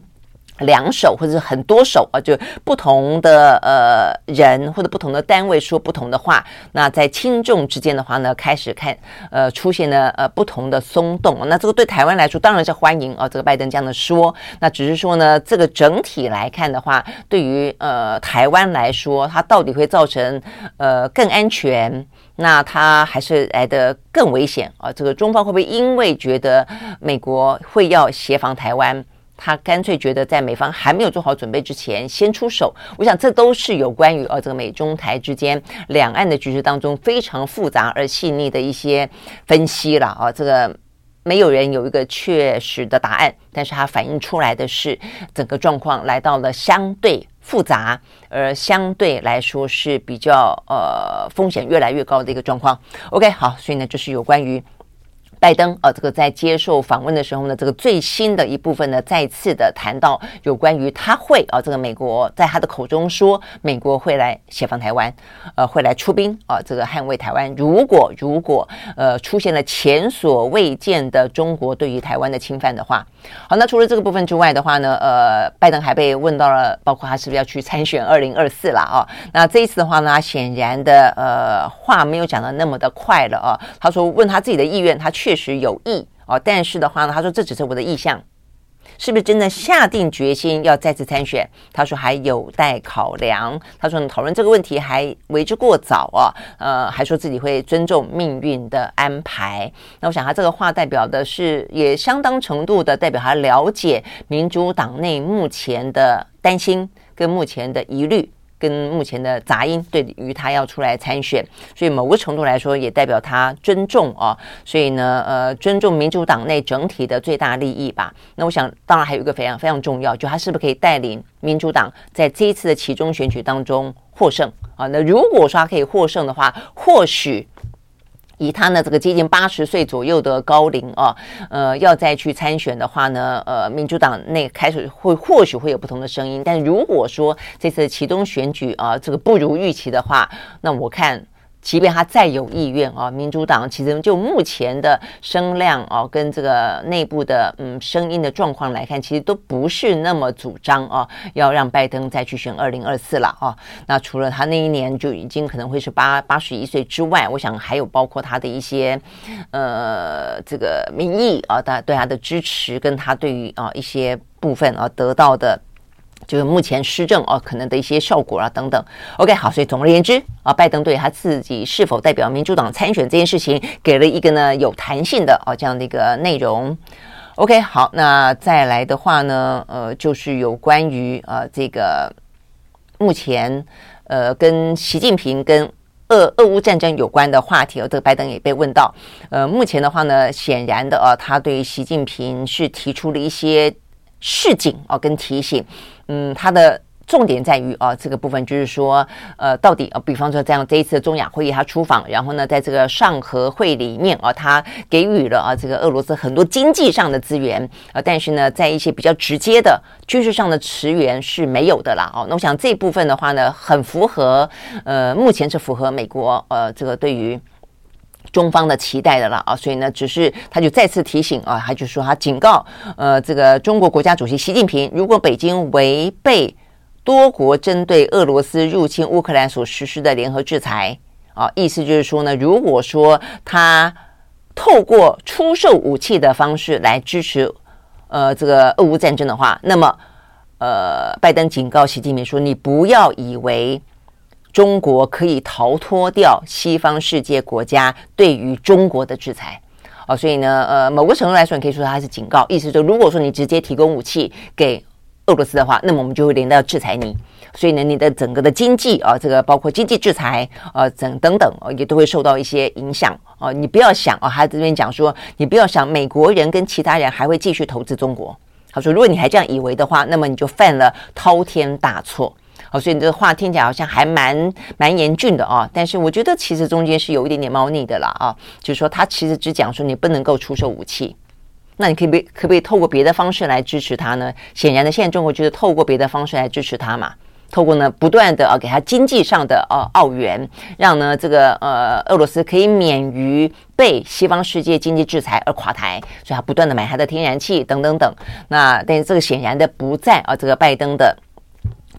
兩手或者是很多手啊，就不同的呃人或者不同的單位說不同的話，那在輕重之間的話呢，開始看呃出現了呃不同的鬆動。那這個對台灣來說當然是歡迎啊，這個拜登這樣的說。那只是說呢，這個整體來看的話，對於呃台灣來說，它到底會造成呃更安全，那它還是來得更危險啊？這個中方會不會因為覺得美國會要協防台灣？他乾脆覺得，在美方還沒有做好準備之前，先出手。我想，這都是有關於呃、啊，這個美中台之間兩岸的局勢當中非常複雜而細膩的一些分析了啊。這個沒有人有一個確實的答案，但是它反映出來的是，整個狀況來到了相對複雜，而相對來說是比較呃風險越來越高的一個狀況。OK，好，所以呢，這是有關於。拜登啊，這個在接受訪問的時候呢，這個最新的一部分呢，再次的談到有關於他會啊，這個美國在他的口中說，美國會來協防台灣，呃，會來出兵啊，這個捍衛台灣。如果如果呃出現了前所未見的中國對於台灣的侵犯的話，好，那除了這個部分之外的話呢，呃，拜登還被問到了，包括他是不是要去參選二零二四了啊？那這一次的話呢，顯然的呃話沒有講的那麼的快了啊，他說問他自己的意願，他去。確實有意哦，但是的話呢，他說，這只是我的意向，是不是真的下定決心要再次參選？他說還有待考量，他說你討論這個問題還為之過早啊，呃，還說自己會尊重命運的安排。那我想他這個話代表的是，也相當程度的代表他了解民主黨內目前的擔心跟目前的疑慮。跟目前的雜音，對於他要出來參選，所以某個程度來說，也代表他尊重啊。所以呢，呃，尊重民主黨內整體的最大利益吧。那我想，當然還有一個非常非常重要，就他是不是可以帶領民主黨在這一次的期中選舉當中獲勝啊？那如果說他可以獲勝的話，或許。以他呢，這個接近八十歲左右的高齡啊，呃，要再去參選的話呢，呃，民主黨內開始會或許會有不同的聲音。但如果說這次期中選舉啊，這個不如預期的話，那我看。即便他再有意願啊，民主黨其實就目前的聲量哦，跟這個內部的嗯聲音的狀況來看，其實都不是那麼主張哦，要讓拜登再去選二零二四了哦。那除了他那一年就已經可能會是八八十一歲之外，我想還有包括他的一些呃這個民意啊，他對他的支持跟他對於啊一些部分啊得到的。就是目前施政哦，可能的一些效果啊等等。OK，好，所以總而言之啊，拜登對他自己是否代表民主黨參選這件事情，給了一個呢有彈性的哦這樣的一個內容。OK，好，那再來的話呢，呃，就是有關於呃這個目前呃跟習近平跟俄俄烏戰爭有關的話題哦，這個拜登也被問到。呃，目前的話呢，顯然的啊，他對習近平是提出了一些。示警啊，跟提醒，嗯，它的重點在於啊，這個部分就是說，呃，到底啊，比方說，這樣，這一次的中亞會議，他出訪，然後呢，在這個上合會裡面啊，他給予了啊，這個俄羅斯很多經濟上的資源啊，但是呢，在一些比較直接的軍事上的馳援是沒有的啦啊，那我想這部分的話呢，很符合呃，目前是符合美國呃，這個對於。中方的期待的了啊，所以呢，只是他就再次提醒啊，他就說他警告，呃，這個中國國家主席習近平，如果北京違背多國針對俄羅斯入侵烏克蘭所實施的聯合制裁啊，意思就是說呢，如果說他透過出售武器的方式來支持呃這個俄烏戰爭的話，那麼呃，拜登警告習近平說，你不要以為。中國可以逃脫掉西方世界國家對於中國的制裁哦、啊，所以呢，呃，某個程度來說，你可以說它是警告，意思就是說，如果說你直接提供武器給俄羅斯的話，那麼我們就會連帶制裁你。所以呢，你的整個的經濟啊，這個包括經濟制裁啊，整，等等、啊、也都會受到一些影響哦、啊，你不要想啊，他這邊講說，你不要想美國人跟其他人還會繼續投資中國。他說，如果你還這樣以為的話，那麼你就犯了滔天大錯。哦，所以你這話聽起來好像還蠻蠻嚴峻的哦、啊，但是我覺得其實中間是有一點點貓膩的啦啊，就是說他其實只講說你不能夠出售武器，那你可以不可不可以透過別的方式來支持他呢？顯然的，現在中國就是透過別的方式來支持他嘛，透過呢不斷的啊給他經濟上的呃、啊、奧援，讓呢這個呃俄羅斯可以免於被西方世界經濟制裁而垮台，所以他不斷的買他的天然氣等等等，那但是這個顯然的不在啊這個拜登的。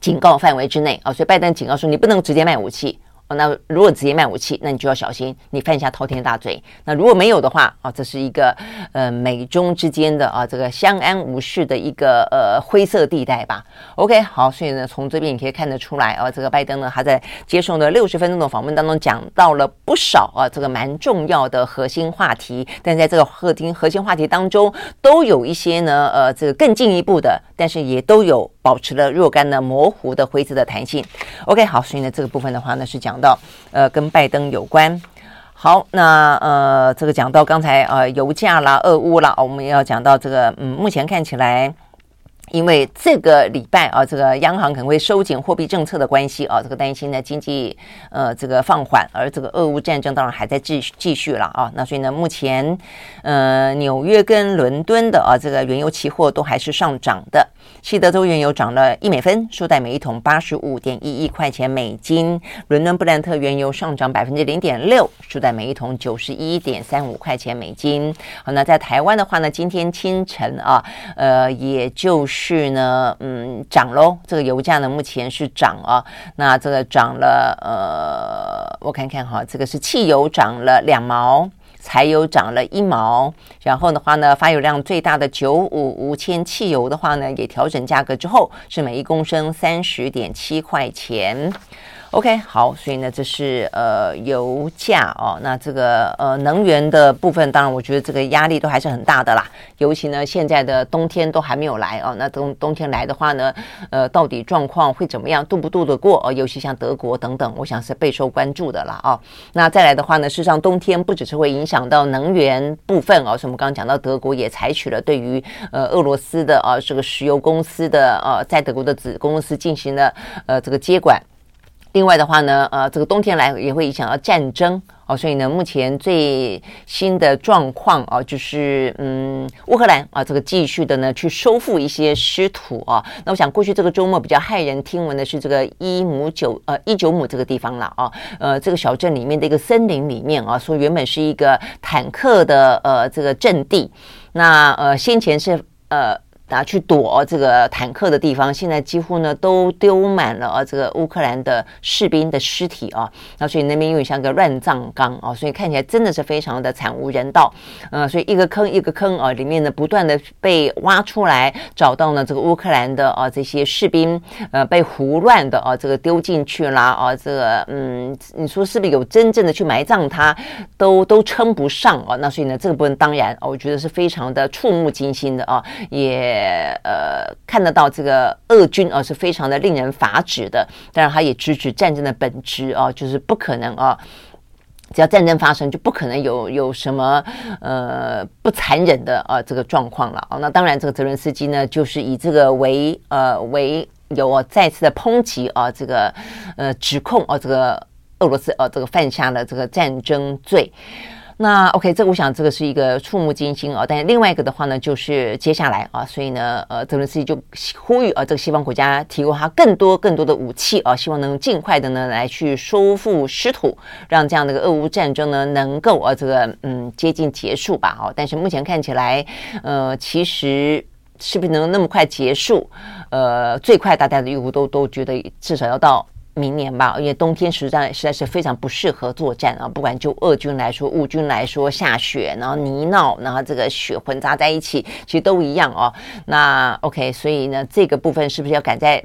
警告範圍之內啊，所以拜登警告說，你不能直接賣武器。哦，那如果直接賣武器，那你就要小心，你犯下滔天大罪。那如果沒有的話，啊，這是一個呃美中之間的啊這個相安無事的一個呃灰色地帶吧。OK，好，所以呢，從這邊你可以看得出來啊，這個拜登呢他在接受的六十分鐘的訪問當中講到了不少啊這個蠻重要的核心話題，但在這個核心核心話題當中，都有一些呢呃這個更進一步的，但是也都有。保持了若干的模糊的灰色的彈性。OK，好，所以呢，這個部分的話呢是講到呃跟拜登有關。好，那呃這個講到剛才呃油價啦、俄烏啦，哦、我們要講到這個嗯，目前看起來，因為這個禮拜啊，這個央行可能會收緊貨幣政策的關係啊，這個擔心呢經濟呃這個放緩，而這個俄烏戰爭當然還在繼續繼續了啊。那所以呢，目前呃紐約跟倫敦的啊這個原油期貨都還是上漲的。西德州原油漲了一美分，收在每一桶八十五點一一塊錢美金。倫敦布蘭特原油上漲百分之零點六，收在每一桶九十一點三五塊錢美金。好，那在台灣的話呢，今天清晨啊，呃，也就是呢，嗯，漲嘍。這個油價呢，目前是漲啊，那這個漲了，呃，我看看哈，這個是汽油漲了兩毛。柴油漲了一毛，然後的話呢，發油量最大的九五無鉛汽油的話呢，也調整價格之後是每一公升三十點七塊錢。OK，好，所以呢，這是呃油價哦，那這個呃能源的部分，當然我覺得這個壓力都還是很大的啦，尤其呢現在的冬天都還沒有來哦，那冬冬天來的話呢，呃，到底狀況會怎麼樣，度不度得過？哦，尤其像德國等等，我想是備受關注的啦。啊、哦。那再來的話呢，事實上冬天不只是會影響到能源部分哦，所以我們剛剛講到德國也採取了對於呃俄羅斯的啊呃、這個石油公司的啊、呃、在德國的子公司進行了呃這個接管。另外的話呢，呃，這個冬天來也會影響到戰爭哦，所以呢，目前最新的狀況啊，就是嗯，烏克蘭啊，這個繼續的呢去收復一些失土啊。那我想過去這個周末比較駭人聽聞的是這個伊姆九呃伊久姆這個地方了啊，呃，這個小鎮裡面的一個森林裡面啊，說原本是一個坦克的呃這個陣地，那呃先前是呃。拿去躲這個坦克的地方，現在幾乎呢都丟滿了啊，這個烏克蘭的士兵的屍體啊，那所以那邊有像個亂葬崗啊，所以看起來真的是非常的慘無人道。嗯、呃，所以一個坑一個坑啊，裡面呢不斷的被挖出來，找到呢這個烏克蘭的啊這些士兵，啊，呃，被胡亂的啊這個丟進去啦，啊，這個嗯，你說是不是有真正的去埋葬他，都都稱不上啊。那所以呢這個部分當然啊，哦，我覺得是非常的觸目驚心的啊，也。呃呃，看得到這個俄軍啊是非常的令人髮指的，當然他也直指戰爭的本質啊，就是不可能啊，只要戰爭發生就不可能有有什麼呃不殘忍的啊這個狀況了哦，那當然，這個澤倫斯基呢就是以這個為呃為由啊，再次的抨擊啊這個呃指控啊這個俄羅斯哦，啊，這個犯下了這個戰爭罪。那 OK，這我想這個是一個觸目驚心啊、哦。但是另外一個的話呢，就是接下來啊，所以呢，呃，澤連斯基就呼籲啊，這個西方國家提供他更多更多的武器啊，希望能盡快的呢來去收復失土，讓這樣的一個俄烏戰爭呢能夠啊這個嗯接近結束吧。哦，但是目前看起來，呃，其實是不是能那麼快結束？呃，最快大家的預估都都覺得至少要到。明年吧，因為冬天實在，實在實在是非常不適合作戰啊！不管就俄軍來說、烏軍來說，下雪然後泥淖，然後這個雪混雜在一起，其實都一樣哦。那 OK，所以呢，這個部分是不是要趕在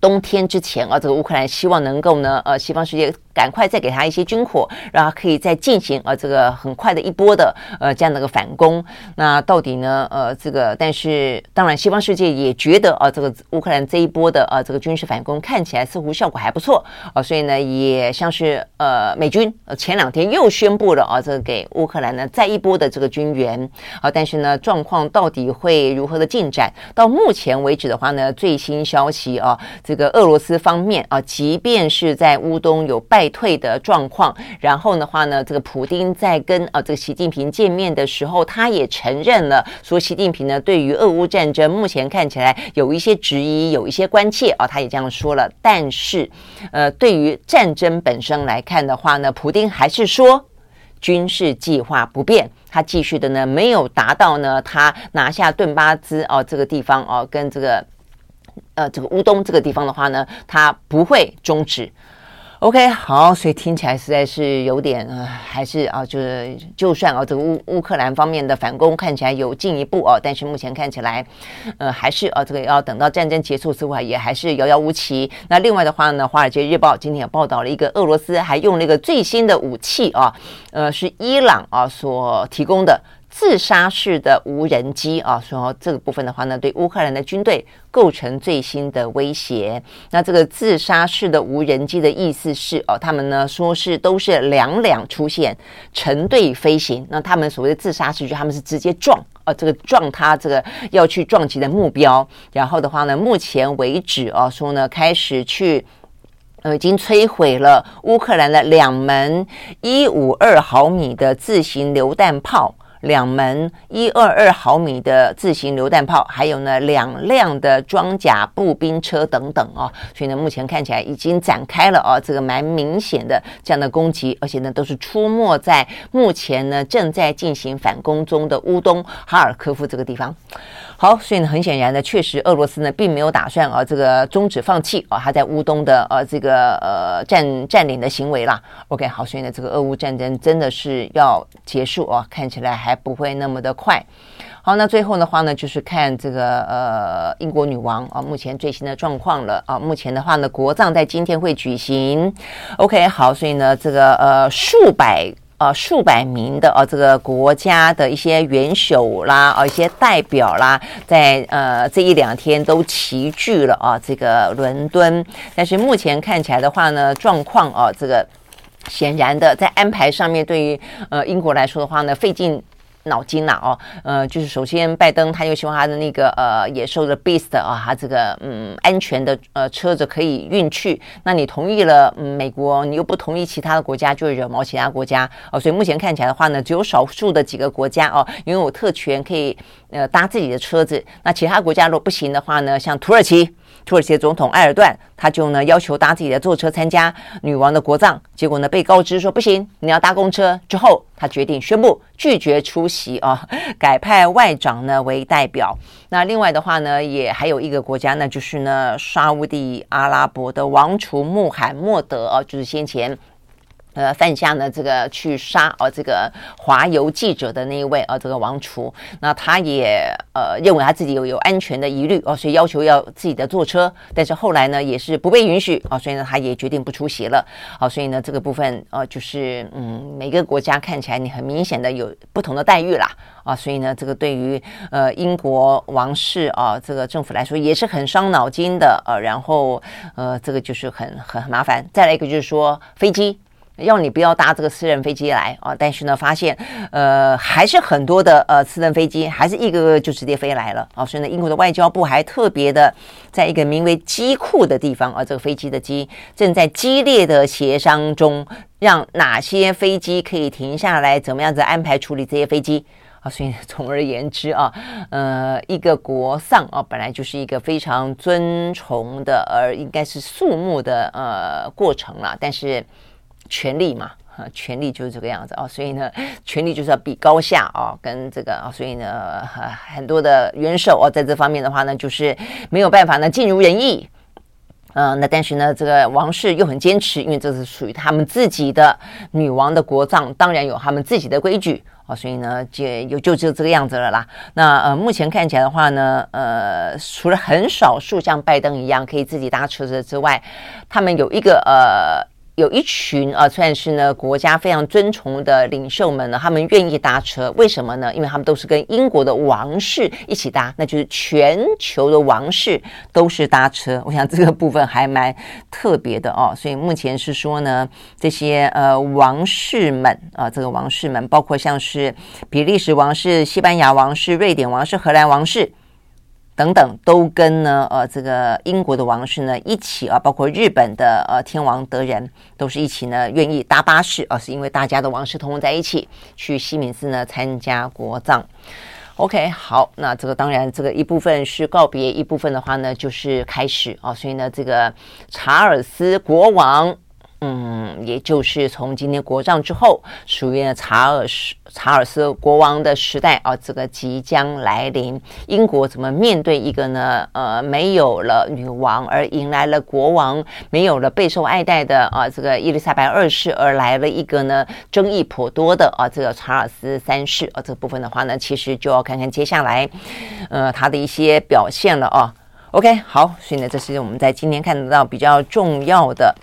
冬天之前啊？這個烏克蘭希望能夠呢，呃，西方世界。趕快再給他一些軍火，然後可以再進行呃、啊、這個很快的一波的呃這樣的一個反攻。那到底呢呃，這個？但是當然，西方世界也覺得啊，這個烏克蘭這一波的啊這個軍事反攻看起來似乎效果還不錯啊，所以呢也像是呃美軍呃前兩天又宣布了啊，這個、給烏克蘭呢再一波的這個軍援啊。但是呢，狀況到底會如何的進展？到目前為止的話呢，最新消息啊，這個俄羅斯方面啊，即便是在烏東有敗。退，退的狀況，然後的話呢，這個普丁在跟啊這個習近平見面的時候，他也承認了，說習近平呢對於俄烏戰爭目前看起來有一些質疑，有一些關切啊，他也這樣說了。但是，呃，對於戰爭本身來看的話呢，普丁還是說軍事計劃不變，他繼續的呢沒有達到呢他拿下頓巴斯哦、啊、這個地方哦、啊、跟這個呃這個烏東這個地方的話呢，他不會終止。OK，好，所以聽起來實在是有點，呃還是啊，就是就算啊，這個烏烏克蘭方面的反攻看起來有進一步啊，但是目前看起來，呃，還是啊，這個要等到戰爭結束之後也還是遙遙無期。那另外的話呢，華爾街日報今天也報道了一個俄羅斯還用了一個最新的武器啊，呃，是伊朗啊所提供的。自殺式的無人機啊，說、哦、這個部分的話呢，對烏克蘭的軍隊構成最新的威脅。那這個自殺式的無人機的意思是哦，他們呢說是都是兩兩出現成對飛行。那他們所謂的自殺式，就他們是直接撞哦，這個撞他這個要去撞擊的目標。然後的話呢，目前為止哦，說呢開始去呃，已經摧毀了烏克蘭的兩門一五二毫米的自行榴彈炮。兩門一二二毫米的自行榴彈炮，還有呢兩輛的裝甲步兵車等等哦，所以呢目前看起來已經展開了哦，這個蠻明顯的這樣的攻擊，而且呢都是出沒在目前呢正在進行反攻中的烏東哈爾科夫這個地方。好，所以呢，很顯然呢，確實俄羅斯呢並沒有打算啊，這個終止、放棄啊，他在烏東的呃、啊、這個呃佔佔領的行為啦。OK，好，所以呢，這個俄烏戰爭真的是要結束哦、啊，看起來還不會那麼的快。好，那最後的話呢，就是看這個呃英國女王啊，目前最新的狀況了啊。目前的話呢，國葬在今天會舉行。OK，好，所以呢，這個呃數百。啊、呃，數百名的啊、哦，這個國家的一些元首啦，啊、哦，一些代表啦，在呃這一兩天都齊聚了啊、哦，這個倫敦。但是目前看起來的話呢，狀況啊、哦，這個顯然的在安排上面，對於呃英國來說的話呢，費勁。腦筋了哦，呃，就是首先拜登他又希望他的那個呃野獸的 beast 啊，他這個嗯安全的呃車子可以運去。那你同意了、嗯、美國，你又不同意其他的國家，就會惹毛其他國家。哦、呃，所以目前看起來的話呢，只有少數的幾個國家哦，擁有特權可以呃搭自己的車子。那其他國家如果不行的話呢，像土耳其。土耳其總統埃爾段，他就呢要求搭自己的坐車參加女王的國葬，結果呢被告知說不行，你要搭公車。之後他決定宣布拒絕出席啊，改派外長呢為代表。那另外的話呢，也還有一個國家呢，那就是呢沙烏地阿拉伯的王儲穆罕默德啊，就是先前，呃，犯下呢這個去殺呃這個華郵記者的那一位呃，這個王儲，那他也呃認為他自己有有安全的疑慮哦、呃，所以要求要自己的坐車，但是後來呢也是不被允許啊、呃，所以呢他也決定不出席了，啊、呃，所以呢這個部分呃就是嗯每個國家看起來你很明顯的有不同的待遇啦啊、呃，所以呢這個對於呃英國王室啊、呃、這個政府來說也是很傷腦筋的啊、呃，然後呃這個就是很很，很麻煩，再來一個就是說飛機。要你不要搭這個私人飛機來啊！但是呢，發現呃，還是很多的呃私人飛機，還是一個個個就直接飛來了啊。所以呢，英國的外交部還特別的，在一個名為“機庫”的地方啊，這個飛機的“機”正在激烈的協商中，讓哪些飛機可以停下來，怎麼樣子安排處理這些飛機啊。所以，總而言之啊，呃，一個國喪啊，本來就是一個非常尊崇的，而應該是肅穆的呃過程了啊，但是。權力嘛，啊、權力就是這個樣子，哦、所以呢，權力就是要比高下啊，哦，跟這個，哦，所以呢，啊，很多的元首哦，在這方面的話呢，就是沒有辦法呢，盡如人意。嗯，呃，那但是呢，這個王室又很堅持，因為這是屬於他們自己的女王的國葬，當然有他們自己的規矩，哦，所以呢，就就，就就這個樣子了啦。那呃，目前看起來的話呢，呃，除了很少數像拜登一樣可以自己搭車子之外，他們有一個呃。有一群啊，算是呢，國家非常尊崇的領袖們呢，他們願意搭車，為什麼呢？因為他們都是跟英國的王室一起搭，那就是全球的王室都是搭車。我想這個部分還蠻特別的哦。所以目前是說呢，這些呃王室們啊、呃，這個王室們，包括像是比利時王室、西班牙王室、瑞典王室、荷蘭王室。等等，都跟呢呃這個英國的王室呢一起啊，包括日本的呃天王德仁，都是一起呢願意搭巴士啊，是因為大家的王室同在一起去西敏寺呢參加國葬。OK，好，那這個當然這個一部分是告別，一部分的話呢就是開始啊，所以呢這個查爾斯國王。嗯，也就是從今天國葬之後，屬於呢查爾斯查爾斯國王的時代啊，這個即將來臨。英國怎麼面對一個呢？呃，沒有了女王，而迎來了國王，沒有了備受愛戴的啊，這個伊麗莎白二世，而來了一個呢，爭議頗多的啊，這個查爾斯三世。啊，這部分的話呢，其實就要看看接下來，呃，他的一些表現了啊。OK，好，所以呢，這是我們在今天看得到比較重要的。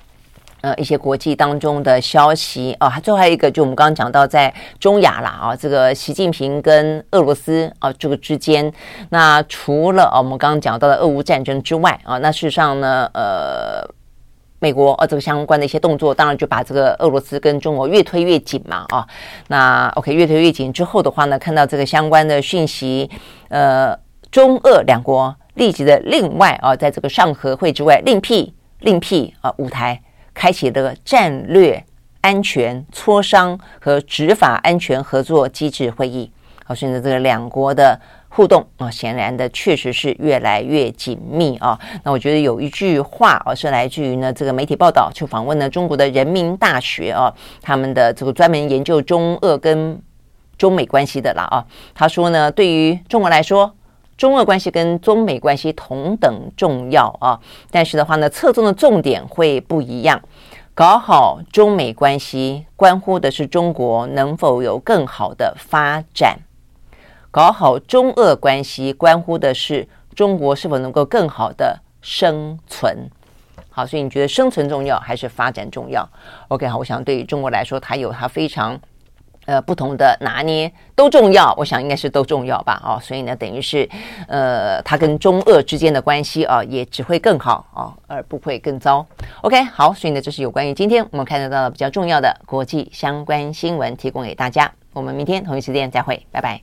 呃，一些國際當中的消息哦，還最後還有一個，就我們剛剛講到在中亞啦啊、哦，這個習近平跟俄羅斯啊、哦、這個之間，那除了啊、哦、我們剛剛講到的俄烏戰爭之外啊、哦，那事實上呢，呃，美國啊、哦、這個相關的一些動作，當然就把這個俄羅斯跟中國越推越緊嘛啊、哦。那 OK，越推越緊之後的話呢，看到這個相關的訊息，呃，中俄兩國立即的另外啊、哦，在這個上合會之外另闢另闢啊舞台，開啟的戰略安全磋商和執法安全合作機制會議。好、啊，現在這個兩國的互動啊，顯然的確實是越來越緊密啊。那我覺得有一句話啊，是來自於呢這個媒體報道就訪問了中國的人民大學啊，他們的這個專門研究中俄跟中美關係的啦啊。他說呢，對於中國來說，中俄關係跟中美關係同等重要啊，但是的話呢，側重的重點會不一樣。搞好中美關係，關乎的是中國能否有更好的發展；搞好中俄關係，關乎的是中國是否能夠更好的生存。好，所以你覺得生存重要還是發展重要？OK，好，我想對於中國來說，它有它非常。呃，不同的拿捏都重要，我想應該是都重要吧，哦，所以呢，等於是，呃，它跟中俄之間的關係啊，哦，也只會更好啊，哦，而不會更糟。OK，好，所以呢，這是有關於今天我們看得到的比較重要的國際相關新聞，提供給大家。我們明天同一時間再會，拜拜。